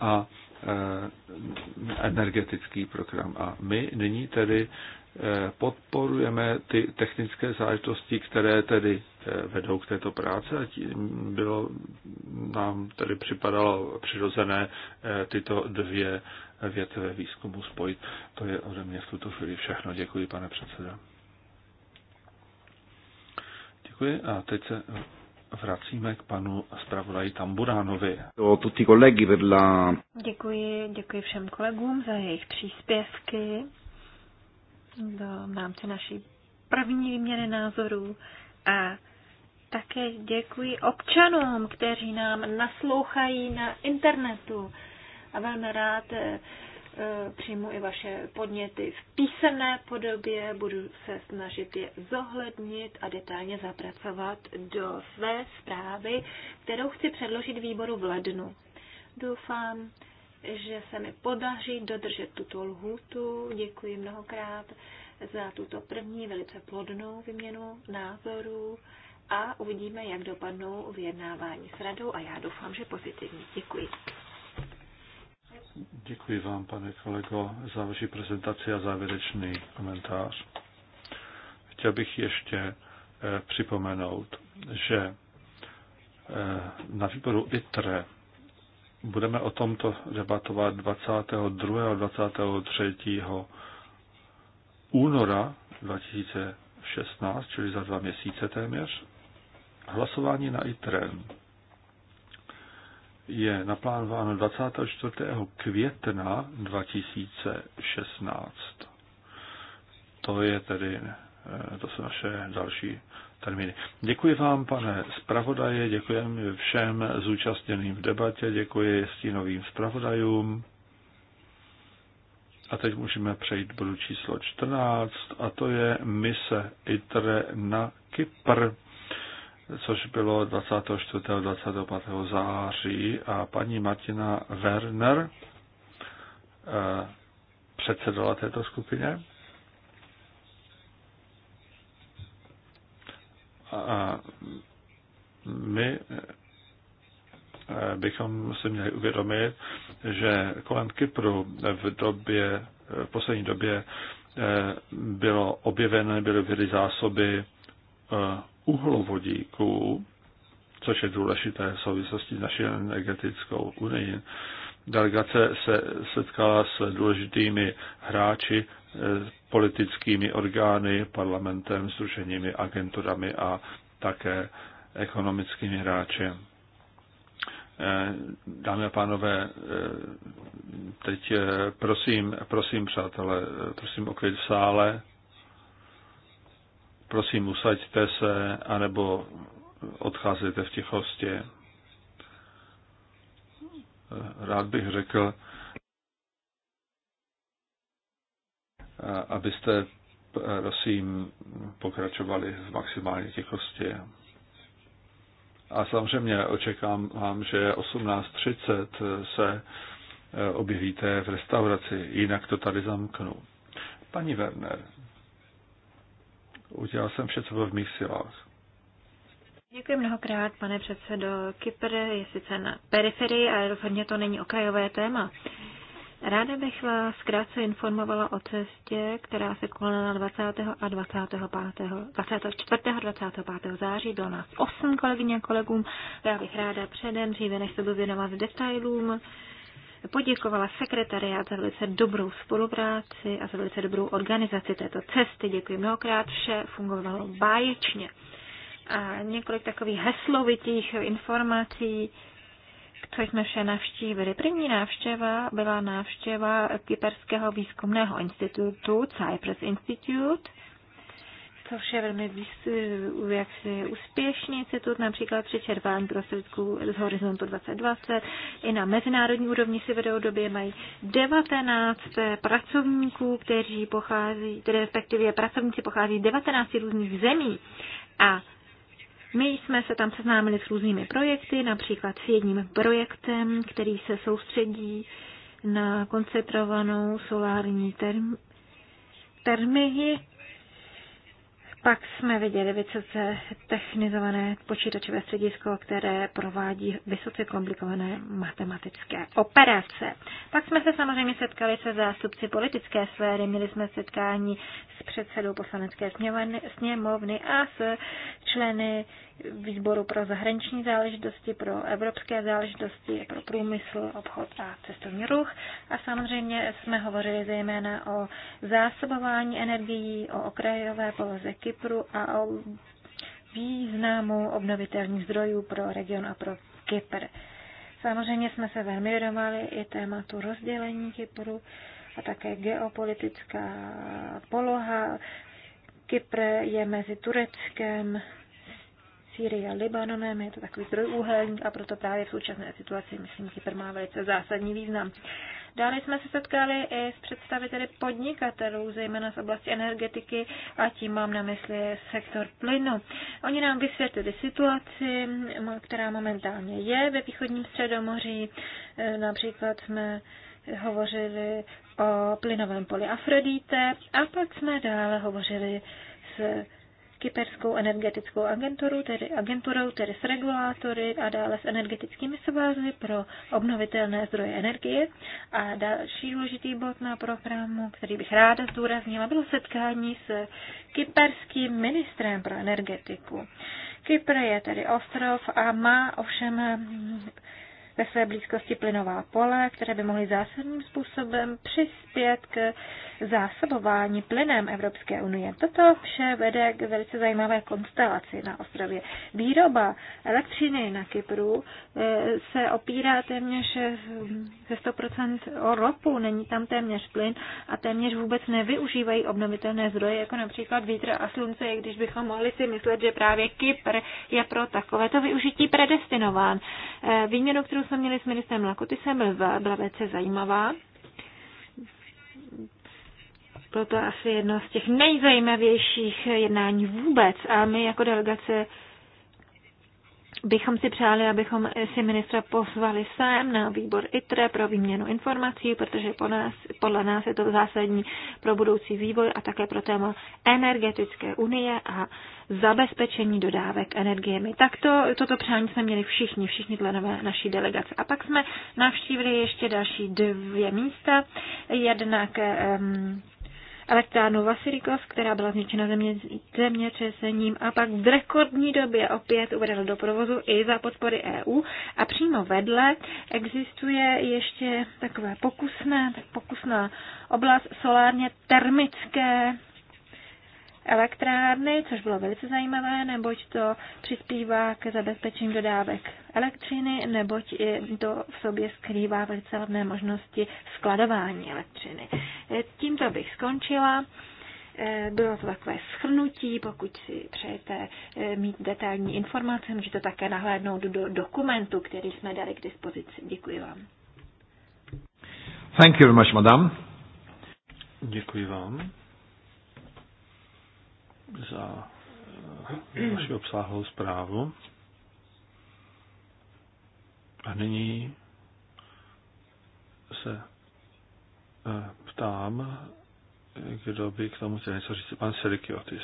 a energetický program. A my nyní tedy podporujeme ty technické záležitosti, které tedy vedou k této práci a bylo, nám tedy připadalo přirozené eh, tyto dvě větve výzkumu spojit. To je ode mě v tuto chvíli všechno. Děkuji, pane předseda. Děkuji a teď se vracíme k panu zpravodaji Tamburánovi. Děkuji, děkuji všem kolegům za jejich příspěvky do námce naší první výměny názorů a také děkuji občanům, kteří nám naslouchají na internetu a velmi rád eh, eh, přijmu i vaše podněty v písemné podobě, budu se snažit je zohlednit a detailně zapracovat do své zprávy, kterou chci předložit výboru v lednu. Doufám, že se mi podaří dodržet tuto lhůtu. Děkuji mnohokrát za tuto první velice plodnou vyměnu názorů a uvidíme, jak dopadnou vyjednávání s radou a já doufám, že pozitivně. Děkuji. Děkuji vám, pane kolego, za vaši prezentaci a závěrečný komentář. Chtěl bych ještě eh, připomenout, že eh, na výboru ITRE budeme o tomto debatovat 22. a 23. února 2016, čili za dva měsíce téměř. Hlasování na ITREM je naplánováno 24. května 2016. To je tedy, eh, to jsou naše další termíny. Děkuji vám, pane zpravodaje, děkuji všem zúčastněným v debatě, děkuji stínovým zpravodajům. A teď můžeme přejít bodu číslo 14, a to je mise ITRE na Kypr což bylo 24. a 25. září a paní Martina Werner eh, předsedala této skupině. A my eh, bychom si měli uvědomit, že kolem Kypru v době, v poslední době eh, bylo objeveno, byly objeveny zásoby uhlovodíků, což je důležité v souvislosti s naší energetickou unii. Delegace se setkala s důležitými hráči, eh, politickými orgány, parlamentem, združeními, agenturami a také ekonomickými hráči. Eh, dámy a pánové, eh, teď prosím, prosím přátelé, prosím o klid v sále. Prosím, usaďte se, anebo odcházejte v tichosti. Rád bych řekl, abyste, prosím, pokračovali v maximální tichosti. A samozřejmě očekávám, že 18.30 se eh, objevíte v restauraci, jinak to tady zamknu. Paní Werner, Udělal jsem vše, co bylo v mých silách. Děkuji mnohokrát, pane předsedo. Kypr je sice na periferii, ale rozhodně to není okrajové téma. Ráda bych vás krátce informovala o cestě, která se konala 20. a 25. 24. a 25. září. Bylo nás osm kolegyně a kolegům. Já bych ráda předem, dříve než se budu věnovat detailům, poděkovala sekretariát za velice dobrou spolupráci a za velice dobrou organizaci této cesty. Děkuji mnohokrát, vše fungovalo báječně. A několik takových heslovitých informací, co jsme vše navštívili. První návštěva byla návštěva Kyperského výzkumného institutu, Cypress Institute, to vše velmi jaksi úspěšně, citut například pro prostředků z Horizontu 2020. I na mezinárodní úrovni si vedou době mají 19 eh, pracovníků, kteří pochází, tedy respektive pracovníci pochází z 19 různých zemí. A my jsme se tam seznámili s různými projekty, například s jedním projektem, který se soustředí na koncentrovanou solární term, termy pak jsme viděli vysoce technizované počítačové středisko, které provádí vysoce komplikované matematické operace. Pak jsme se samozřejmě setkali se zástupci politické sféry, měli jsme setkání s předsedou poslanecké sněmovny a s členy výboru pro zahraniční záležitosti, pro evropské záležitosti, pro průmysl, obchod a cestovní ruch. A samozřejmě jsme hovořili zejména o zásobování energií, o okrajové poloze Kypru a o významu obnovitelných zdrojů pro region a pro Kypr. Samozřejmě jsme se velmi vědomali i tématu rozdělení Kypru a také geopolitická poloha. Kypr je mezi Tureckem, Sýrii a Libanonem, je to takový trojúhelník a proto právě v současné situaci, myslím, Kypr má velice zásadní význam. Dále jsme se setkali i s představiteli podnikatelů, zejména z oblasti energetiky a tím mám na mysli sektor plynu. Oni nám vysvětlili situaci, která momentálně je ve východním středomoří. E, například jsme hovořili o plynovém poli Afrodite a pak jsme dále hovořili s kyperskou energetickou agenturou, tedy agenturou, tedy s regulátory a dále s energetickými sobázy pro obnovitelné zdroje energie. A další důležitý bod na programu, který bych ráda zdůraznila, bylo setkání s kyperským ministrem pro energetiku. Kypr je tedy ostrov a má ovšem ve své blízkosti plynová pole, které by mohly zásadním způsobem přispět k zásobování plynem Evropské unie. Toto vše vede k velice zajímavé konstelaci na ostrově. Výroba elektřiny na Kypru eh, se opírá téměř eh, ze 100% o ropu, není tam téměř plyn a téměř vůbec nevyužívají obnovitelné zdroje, jako například vítr a slunce, i když bychom mohli si myslet, že právě Kypr je pro takovéto využití predestinován. Eh, výměnu, kterou jsme měli s ministrem Lakotisem, byla velice zajímavá. Bylo to asi jedno z těch nejzajímavějších jednání vůbec a my jako delegace bychom si přáli, abychom si ministra pozvali sem na výbor ITRE pro výměnu informací, protože po nás, podle nás je to zásadní pro budoucí vývoj a také pro téma energetické unie a zabezpečení dodávek energiemi. Tak to, toto přání jsme měli všichni, všichni členové naší delegace. A pak jsme navštívili ještě další dvě místa. Jednak um, elektrárnu Vasilikov, která byla zničena země, zemětřesením a pak v rekordní době opět uvedla do provozu i za podpory EU. A přímo vedle existuje ještě takové pokusné, tak pokusná oblast solárně termické elektrárny, což bylo velice zajímavé, neboť to přispívá k zabezpečení dodávek elektřiny, neboť i to v sobě skrývá velice levné možnosti skladování elektřiny. E, Tímto bych skončila. E, bylo to takové schrnutí, pokud si přejete e, mít detailní informace, můžete také nahlédnout do dokumentu, který jsme dali k dispozici. Děkuji vám. Thank you very much, madam. Děkuji vám. Eh, za vaši obsáhlou zprávu. A nyní se eh, ptám, kdo by k tomu chtěl něco říct. Pan Selikiotis.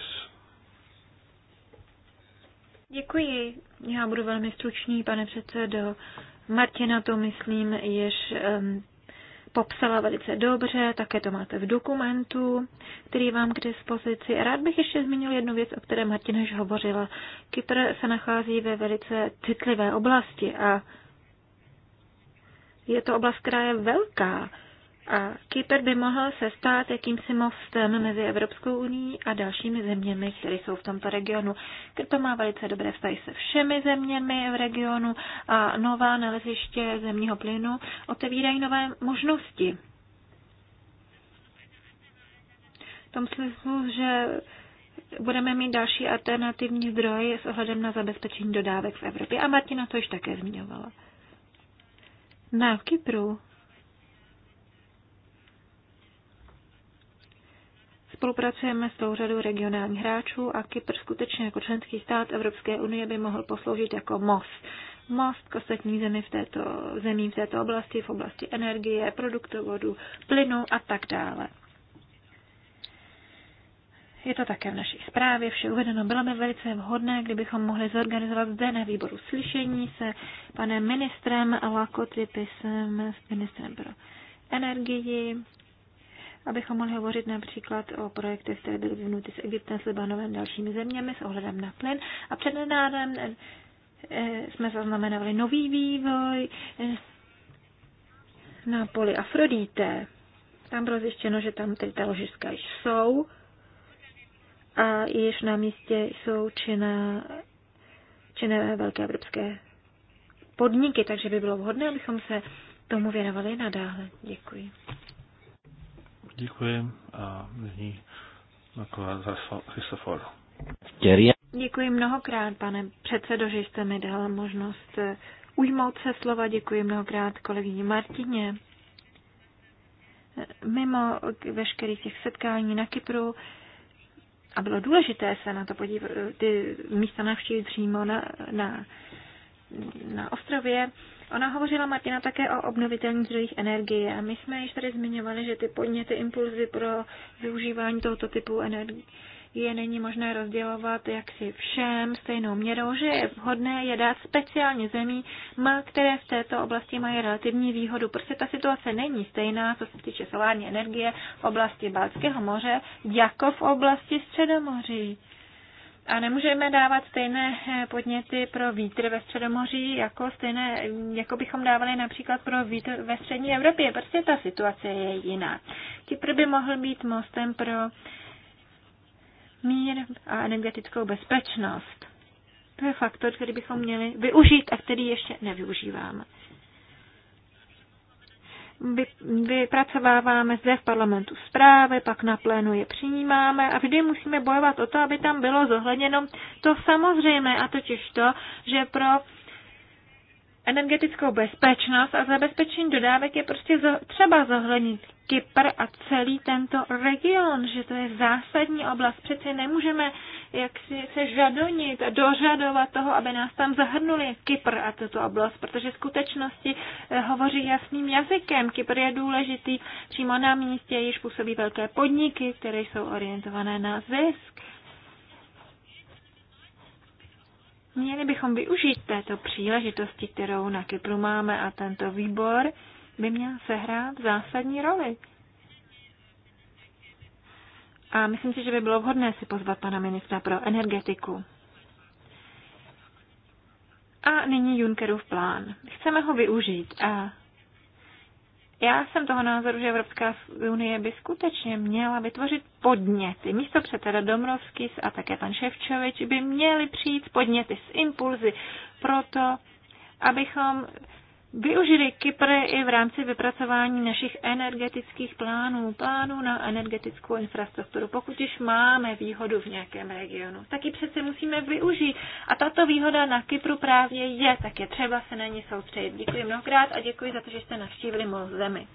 Děkuji. Já budu velmi stručný, pane předsedo. Martina to, myslím, jež um, popsala velice dobře, také to máte v dokumentu, který vám k dispozici. Rád bych ještě zmínil jednu věc, o které už hovořila. Kypr se nachází ve velice citlivé oblasti a je to oblast, která je velká. A Kypr by mohl se stát jakýmsi mostem mezi Evropskou unii a dalšími zeměmi, které jsou v tomto regionu. Kypr má velice dobré vztahy se všemi zeměmi v regionu a nová naleziště zemního plynu otevírají nové možnosti. V tom smyslu, že budeme mít další alternativní zdroje s ohledem na zabezpečení dodávek v Evropě. A Martina to již také zmiňovala. Na Kypru spolupracujeme s tou řadou regionálních hráčů a Kypr skutečně jako členský stát Evropské unie by mohl posloužit jako most. Most k ostatním zemi v této, zemím v této oblasti, v oblasti energie, produktovodu, plynu a tak dále. Je to také v naší zprávě vše uvedeno. Bylo by velice vhodné, kdybychom mohli zorganizovat zde na výboru slyšení se panem ministrem Lakotypisem, s ministrem pro energii, abychom mohli hovořit například o projektech, které byly vyvinuty s Egyptem, s Libanovem, dalšími zeměmi s ohledem na plyn. A před nedávnem eh, jsme zaznamenali nový vývoj eh, na poli Afrodité. Tam bylo zjištěno, že tam tedy ta ložiska jsou a již na místě jsou činné, činné velké evropské podniky, takže by bylo vhodné, abychom se tomu věnovali nadále. Děkuji. Děkuji a nyní za Christofor. Děkuji mnohokrát, pane předsedo, že jste mi dal možnost eh, ujmout se slova. Děkuji mnohokrát kolegyni Martině. Eh, mimo veškerých těch setkání na Kypru, a bylo důležité se na to podívat, eh, ty místa navštívit přímo na, na na ostrově. Ona hovořila, Martina, také o obnovitelných zdrojích energie a my jsme již tady zmiňovali, že ty podněty, impulzy pro využívání tohoto typu energie je není možné rozdělovat jaksi všem stejnou měrou, že je vhodné je dát speciálně zemí, které v této oblasti mají relativní výhodu. Prostě ta situace není stejná, co se týče solární energie v oblasti Balckého moře, jako v oblasti Středomoří. A nemůžeme dávat stejné eh, podněty pro vítr ve Středomoří, jako, stejné, jako bychom dávali například pro vítr ve střední Evropě. Prostě ta situace je jiná. Kypr by mohl být mostem pro mír a energetickou bezpečnost. To je faktor, který bychom měli využít a který ještě nevyužíváme vypracováváme zde v parlamentu zprávy, pak na plénu je přijímáme a vždy musíme bojovat o to, aby tam bylo zohledněno to samozřejmé, a totiž to, že pro energetickou bezpečnost a zabezpečení dodávek je prostě třeba zohlednit Kypr a celý tento region, že to je zásadní oblast. Přece nemůžeme jak si se žadonit a dořadovat toho, aby nás tam zahrnuli Kypr a tuto oblast, protože skutečnosti eh, hovoří jasným jazykem. Kypr je důležitý přímo na místě, již působí velké podniky, které jsou orientované na zisk. Měli bychom využít této příležitosti, kterou na Kypru máme a tento výbor by měl sehrát zásadní roli. A myslím si, že by bylo vhodné si pozvat pana ministra pro energetiku. A nyní Junckerův plán. Chceme ho využít a já jsem toho názoru, že Evropská unie by skutečně měla vytvořit podněty. Místo předseda Domrovskis a také pan Ševčovič by měli přijít podněty s impulzy proto, abychom využili Kypr i v rámci vypracování našich energetických plánů, plánů na energetickou infrastrukturu. Pokud již máme výhodu v nějakém regionu, tak ji přece musíme využít. A tato výhoda na Kypru právě je, tak je třeba se na ní soustředit. Děkuji mnohokrát a děkuji za to, že jste navštívili mou zemi.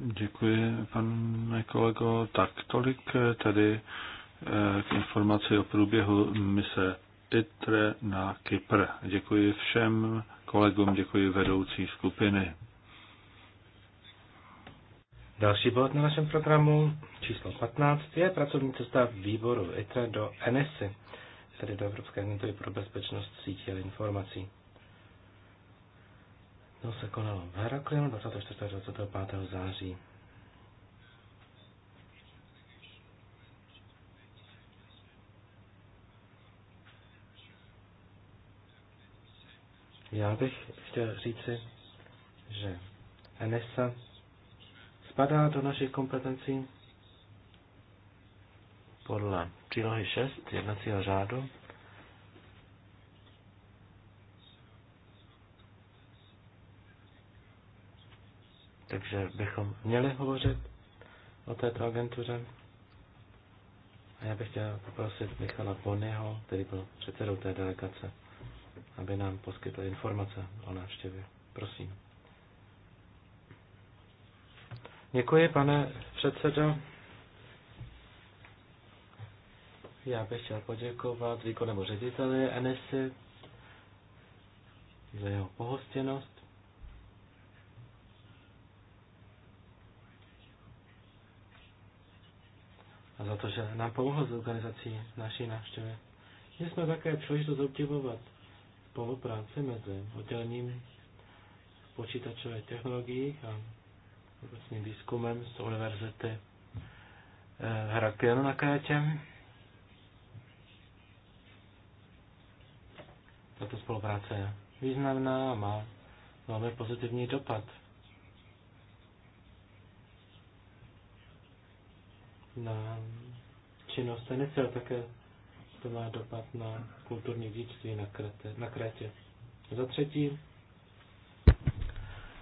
Děkuji, pane kolego. Tak tolik tedy eh, k informaci o průběhu mise ITRE na Kypr. Děkuji všem kolegům, děkuji vedoucí skupiny. Další bod na našem programu číslo 15 je pracovní cesta výboru ITRE do NSI, tedy do Evropské agentury pro bezpečnost sítí a informací. To se konalo v Heraklionu 24. a 25. září. Já bych chtěl říci, že Enesa spadá do našich kompetencí podle přílohy 6 jednacího řádu. Takže bychom měli hovořit o této agentuře. A já bych chtěl poprosit Michala Bonyho, který byl předsedou té delegace, aby nám poskytl informace o návštěvě. Prosím. Děkuji, pane předsedo. Já bych chtěl poděkovat výkonnému řediteli Enesy za jeho pohostěnost. A za to, že nám pomohl s organizací naší návštěvy. Měli jsme také příležitost obdivovat Spolupráce mezi oddělením počítačových technologií a obecným vlastně výzkumem z univerzity Heraklionu eh, na Krétě. Tato spolupráce je významná a má velmi pozitivní dopad na činnost Tenisil také to má dopad na kulturní dědictví na, na Kretě. Za třetí,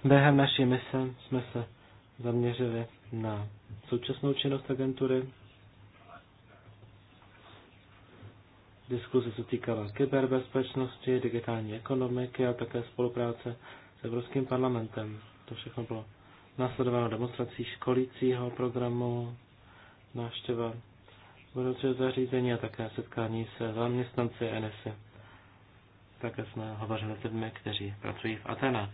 během naší mise jsme se zaměřili na současnou činnost agentury. Diskuze se týkala kyberbezpečnosti, digitální ekonomiky a také spolupráce s Evropským parlamentem. To všechno bylo nasledováno demonstrací školícího programu, návštěva budoucího zařízení a také setkání se zaměstnanci NSE. Také jsme hovořili s lidmi, kteří pracují v Atenách.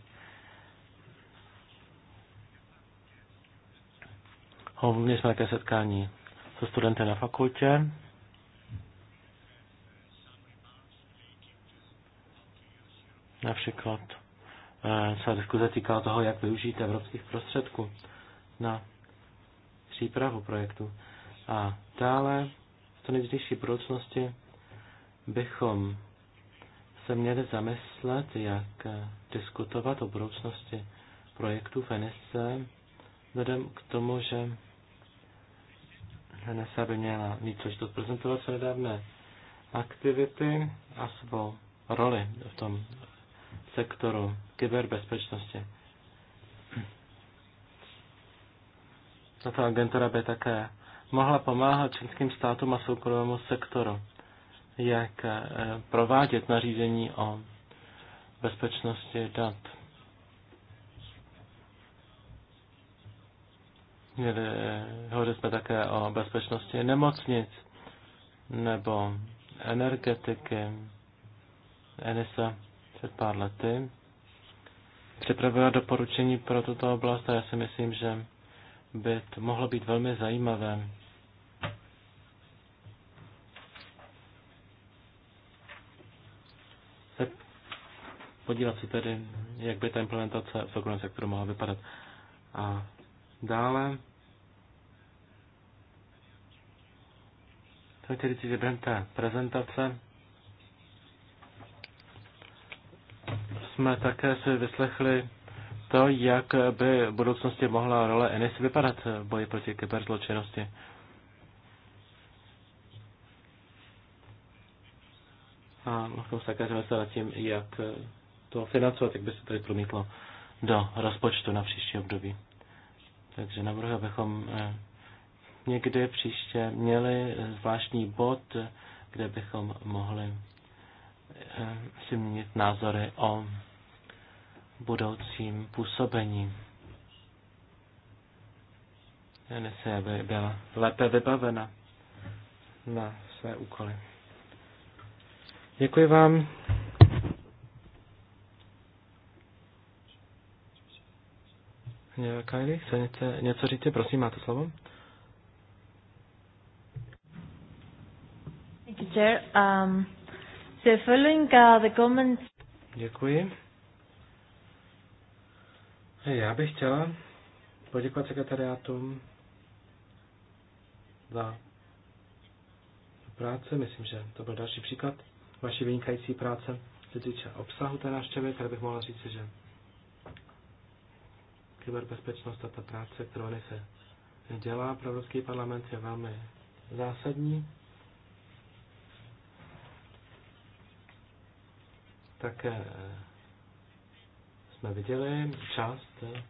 Měli jsme také setkání se studenty na fakultě. Například eh, se diskuze týkala toho, jak využít evropských prostředků na přípravu projektu. A Dále v co nejbližší budoucnosti bychom se měli zamyslet, jak diskutovat o budoucnosti projektu Fenice, vzhledem k tomu, že Henesa by měla mít to prezentovat své nedávné aktivity a svou roli v tom sektoru kyberbezpečnosti. Tato agentura by také mohla pomáhat členským státům a soukromému sektoru, jak eh, provádět nařízení o bezpečnosti dat. Měli, eh, hovořili jsme také o bezpečnosti nemocnic nebo energetiky. Enisa před pár lety připravila doporučení pro tuto oblast a já si myslím, že by to mohlo být velmi zajímavé podívat se tedy, jak by ta implementace v soukromém sektoru mohla vypadat. A dále To je tedy, že během té prezentace jsme také si vyslechli to, jak by v budoucnosti mohla role NIS vypadat v boji proti kyberzločinnosti. A mohl jsem se také zamyslet nad tím, jak to financovat, jak by se tady promítlo do rozpočtu na příští období. Takže navrhuji, abychom eh, někdy příště měli eh, zvláštní bod, eh, kde bychom mohli si měnit názory o budoucím působení. NSE by byla lépe vybavena na své úkoly. Děkuji vám. Kylie, chcete něco říct? Prosím, máte slovo. Děkuji. Já bych chtěla poděkovat sekretariátům za práce. Myslím, že to byl další příklad vaší vynikající práce, se týče obsahu té návštěvy, tady bych mohla říct, že kyberbezpečnost a ta práce, kterou se dělá pro Evropský parlament, je velmi zásadní. Tak eh, jsme viděli část eh,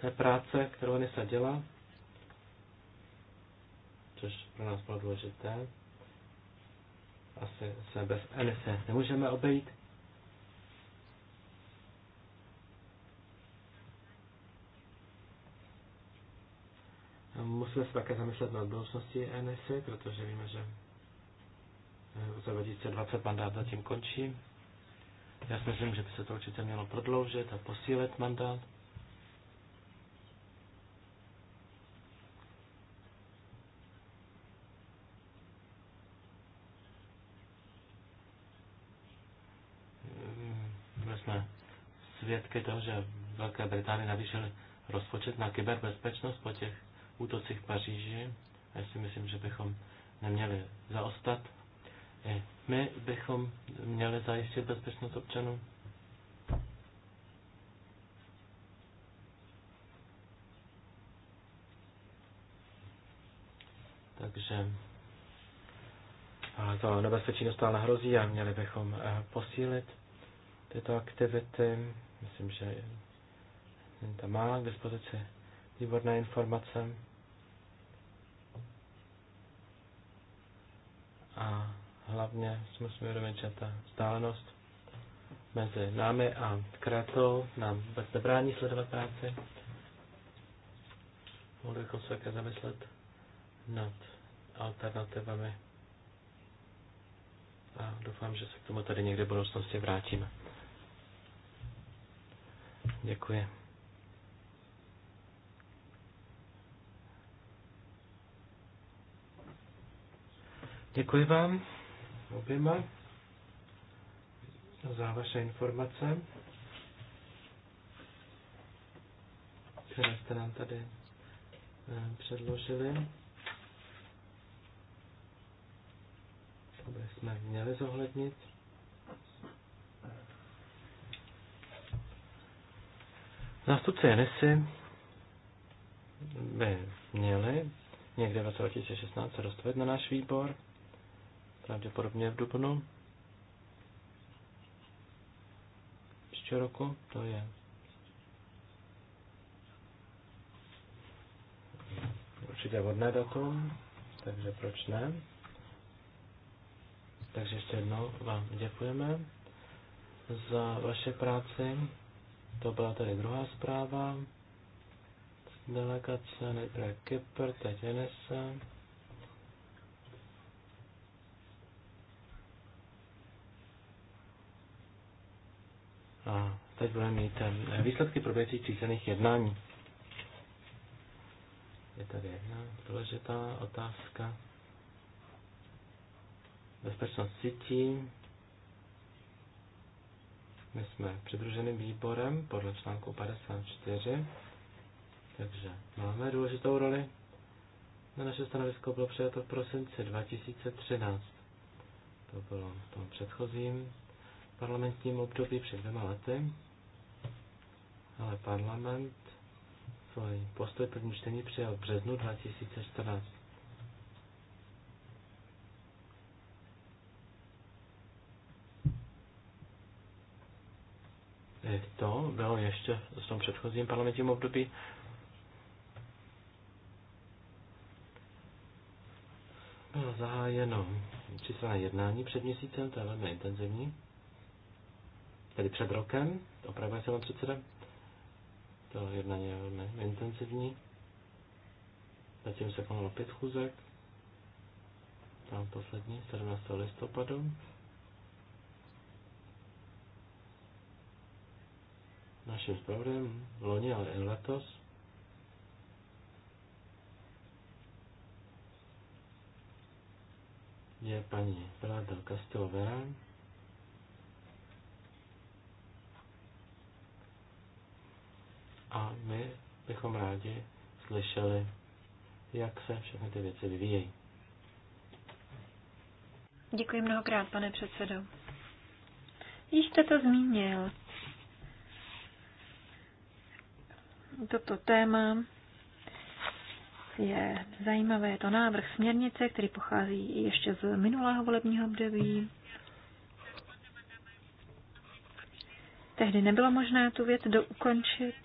té práce, kterou se dělá, což pro nás bylo důležité. Asi se bez Enise nemůžeme obejít. Musíme se také zamyslet nad budoucností NSA, protože víme, že za eh, 2020 mandát zatím končí. Já si myslím, že by se to určitě mělo prodloužit a posílit mandát. Eh, my jsme svědky toho, že Velké Británie navýšily rozpočet na kyberbezpečnost po těch útocích v Paříži a já si myslím, že bychom neměli zaostat. I my bychom měli zajistit bezpečnost občanů. Takže a to nebezpečí neustále hrozí a měli bychom eh, posílit tyto aktivity. Myslím, že tam má k dispozici výborné informace. A hlavně jsme si uvědomit, že ta vzdálenost mezi námi a Krétou nám vůbec nebrání sledovat práci. Mohli bychom se také zamyslet nad alternativami. A doufám, že se k tomu tady někde v budoucnosti vrátíme. Děkuji. Děkuji vám oběma za vaše informace, které jste nám tady eh, předložili, aby jsme měli zohlednit. Zástupce Janisy by měli někde v roce 2016 dostavit na náš výbor pravděpodobně v dubnu příštího roku, to je určitě vodné datum, takže proč ne? Takže ještě jednou vám děkujeme za vaše práci. To byla tady druhá zpráva. Delegace, nejprve Kypr, teď Venesa. A teď budeme mít eh, výsledky probíhajících třízených jednání. Je tady jedna důležitá otázka. Bezpečnost sítí. My jsme přidruženým výborem podle článku 54, takže máme důležitou roli. Na naše stanovisko bylo přijato v prosinci 2013. To bylo v tom předchozím parlamentním období před dvěma lety, ale parlament svůj postoj první čtení přijal v březnu 2014. To bylo ještě v tom předchozím parlamentním období. Bylo zahájeno číselné jednání před měsícem, to je velmi intenzivní tedy před rokem, opravuje se vám předseda, to jednání je velmi intenzivní. Zatím se konalo pět chůzek, tam poslední, 17. listopadu. Naším zpravodajem loni, ale i letos. Je paní Prada Castillo Verán. a my bychom rádi slyšeli, jak se všechny ty věci vyvíjejí. Děkuji mnohokrát, pane předsedo. Již jste to zmínil. Toto téma je zajímavé. Je to návrh směrnice, který pochází ještě z minulého volebního období. Tehdy nebylo možné tu věc doukončit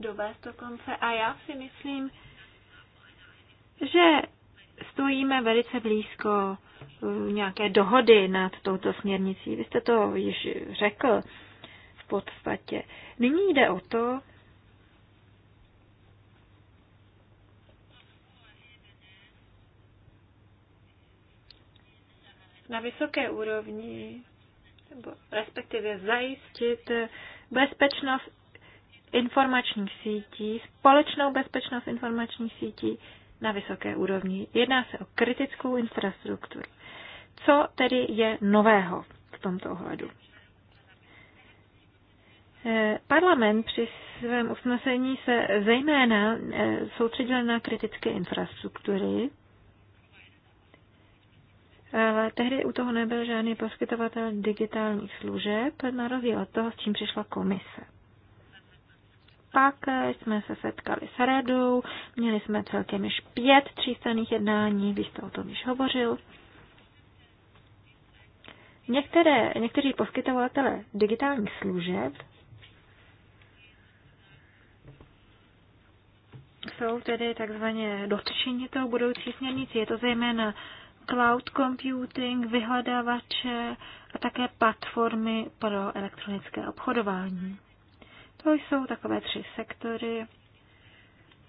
dovést do konce. A já si myslím, že stojíme velice blízko eh, nějaké dohody nad touto směrnicí. Vy jste to již řekl v podstatě. Nyní jde o to, na vysoké úrovni, nebo respektive zajistit bezpečnost informačních sítí, společnou bezpečnost informačních sítí na vysoké úrovni. Jedná se o kritickou infrastrukturu. Co tedy je nového v tomto ohledu? Eh, Parlament při svém usnesení se zejména eh, soustředil na kritické infrastruktury, ale tehdy u toho nebyl žádný poskytovatel digitálních služeb, na rozdíl od toho, s čím přišla komise pak eh, jsme se setkali s radou, měli jsme celkem již pět třístranných jednání, vy jste o tom již hovořil. Některé, někteří poskytovatelé digitálních služeb jsou tedy takzvaně dotčení tou budoucí směrnici. Je to zejména cloud computing, vyhledávače a také platformy pro elektronické obchodování. To jsou takové tři sektory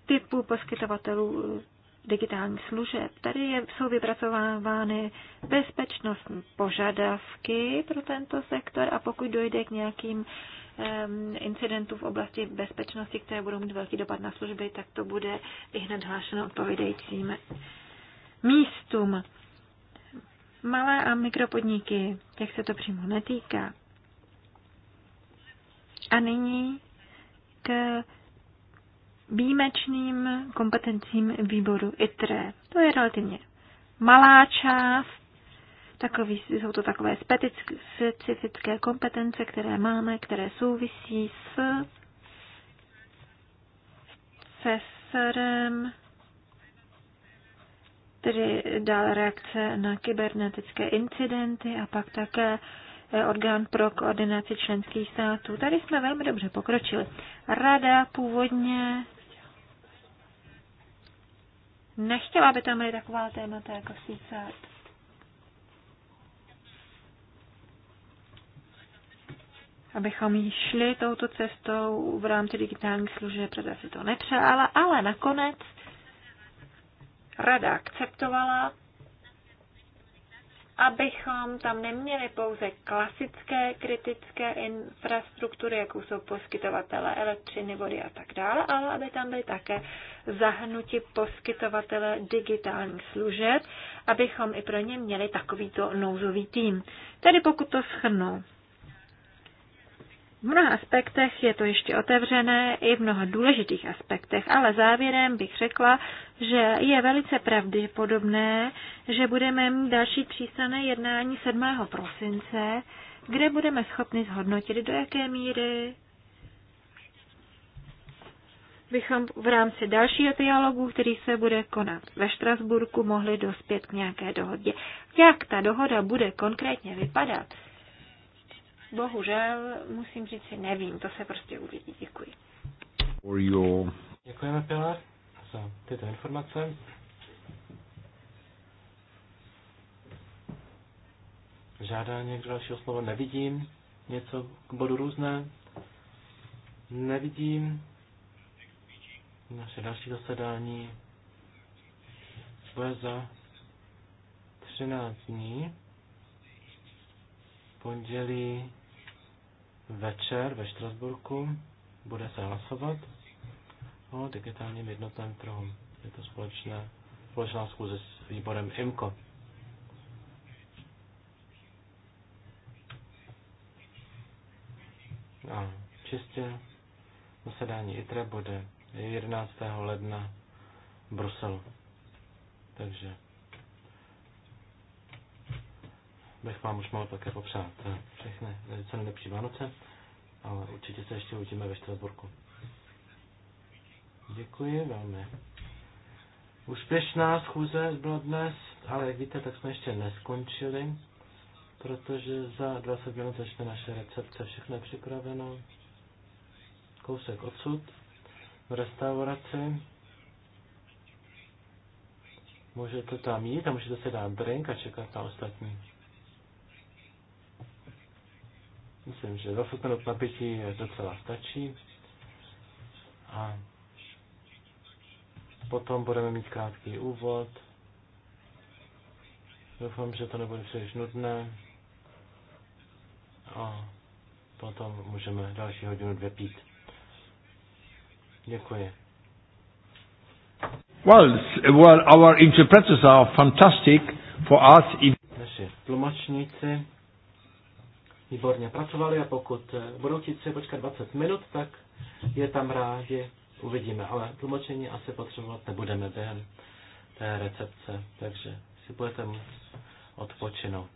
typu poskytovatelů eh, digitálních služeb. Tady je, jsou vypracovávány bezpečnostní požadavky pro tento sektor a pokud dojde k nějakým um, incidentům v oblasti bezpečnosti, které budou mít velký dopad na služby, tak to bude i hned hlášeno odpovědejícím místům. Malé a mikropodniky, jak se to přímo netýká. A nyní k výjimečným kompetencím výboru ITRE. To je relativně malá část, takový, jsou to takové specifické kompetence, které máme, které souvisí s CESREM, tedy dále reakce na kybernetické incidenty a pak také Eh, orgán pro koordinaci členských států. Tady jsme velmi dobře pokročili. Rada původně nechtěla, aby tam byly taková témata jako CSAT. Abychom ji šli touto cestou v rámci digitálních služeb, protože si to nepřála, ale nakonec rada akceptovala abychom tam neměli pouze klasické kritické infrastruktury, jako jsou poskytovatele elektřiny, vody a tak dále, ale aby tam byly také zahnuti poskytovatele digitálních služeb, abychom i pro ně měli takovýto nouzový tým. Tedy pokud to schrnu, v mnoha aspektech je to ještě otevřené, i v mnoha důležitých aspektech, ale závěrem bych řekla, že je velice pravděpodobné, že budeme mít další třístrané jednání 7. prosince, kde budeme schopni zhodnotit, do jaké míry bychom v rámci dalšího dialogu, který se bude konat ve Štrasburku, mohli dospět k nějaké dohodě. Jak ta dohoda bude konkrétně vypadat, bohužel musím říct si nevím, to se prostě uvidí. Děkuji. Děkujeme, Pilar za tyto informace. Žádá někdo dalšího slova? Nevidím. Něco k bodu různé? Nevidím. Naše další zasedání bude za 13 dní. Pondělí večer ve Štrasburku bude se hlasovat o no, digitálním jednotném trhu. Je to společné, společná schůze s výborem IMCO. A čistě zasedání ITRE bude 11. ledna v Bruselu. Takže bych vám už mohl také popřát eh, všechny eh, co nejlepší Vánoce, ale určitě se ještě uvidíme ve Štrasburku. Děkuji velmi. Úspěšná schůze byla dnes, ale jak víte, tak jsme ještě neskončili, protože za 20 minut začne naše recepce, všechno je připraveno. Kousek odsud, v restauraci. Můžete tam jít a můžete si dát drink a čekat na ostatní. Myslím, že 20 minut napití docela stačí. A Potom budeme mít krátký úvod. Doufám, že to nebude příliš nudné. A potom můžeme další hodinu dvě pít. Děkuji. Well, well, our interpreters are fantastic for us. If... Naši tlumočníci výborně pracovali a pokud eh, budou chtít si počkat 20 minut, tak je tam rádi uvidíme, ale tlumočení asi potřebovat nebudeme během té recepce, takže si budete odpočinout.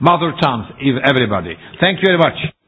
Mother tongues, everybody. Thank you very much.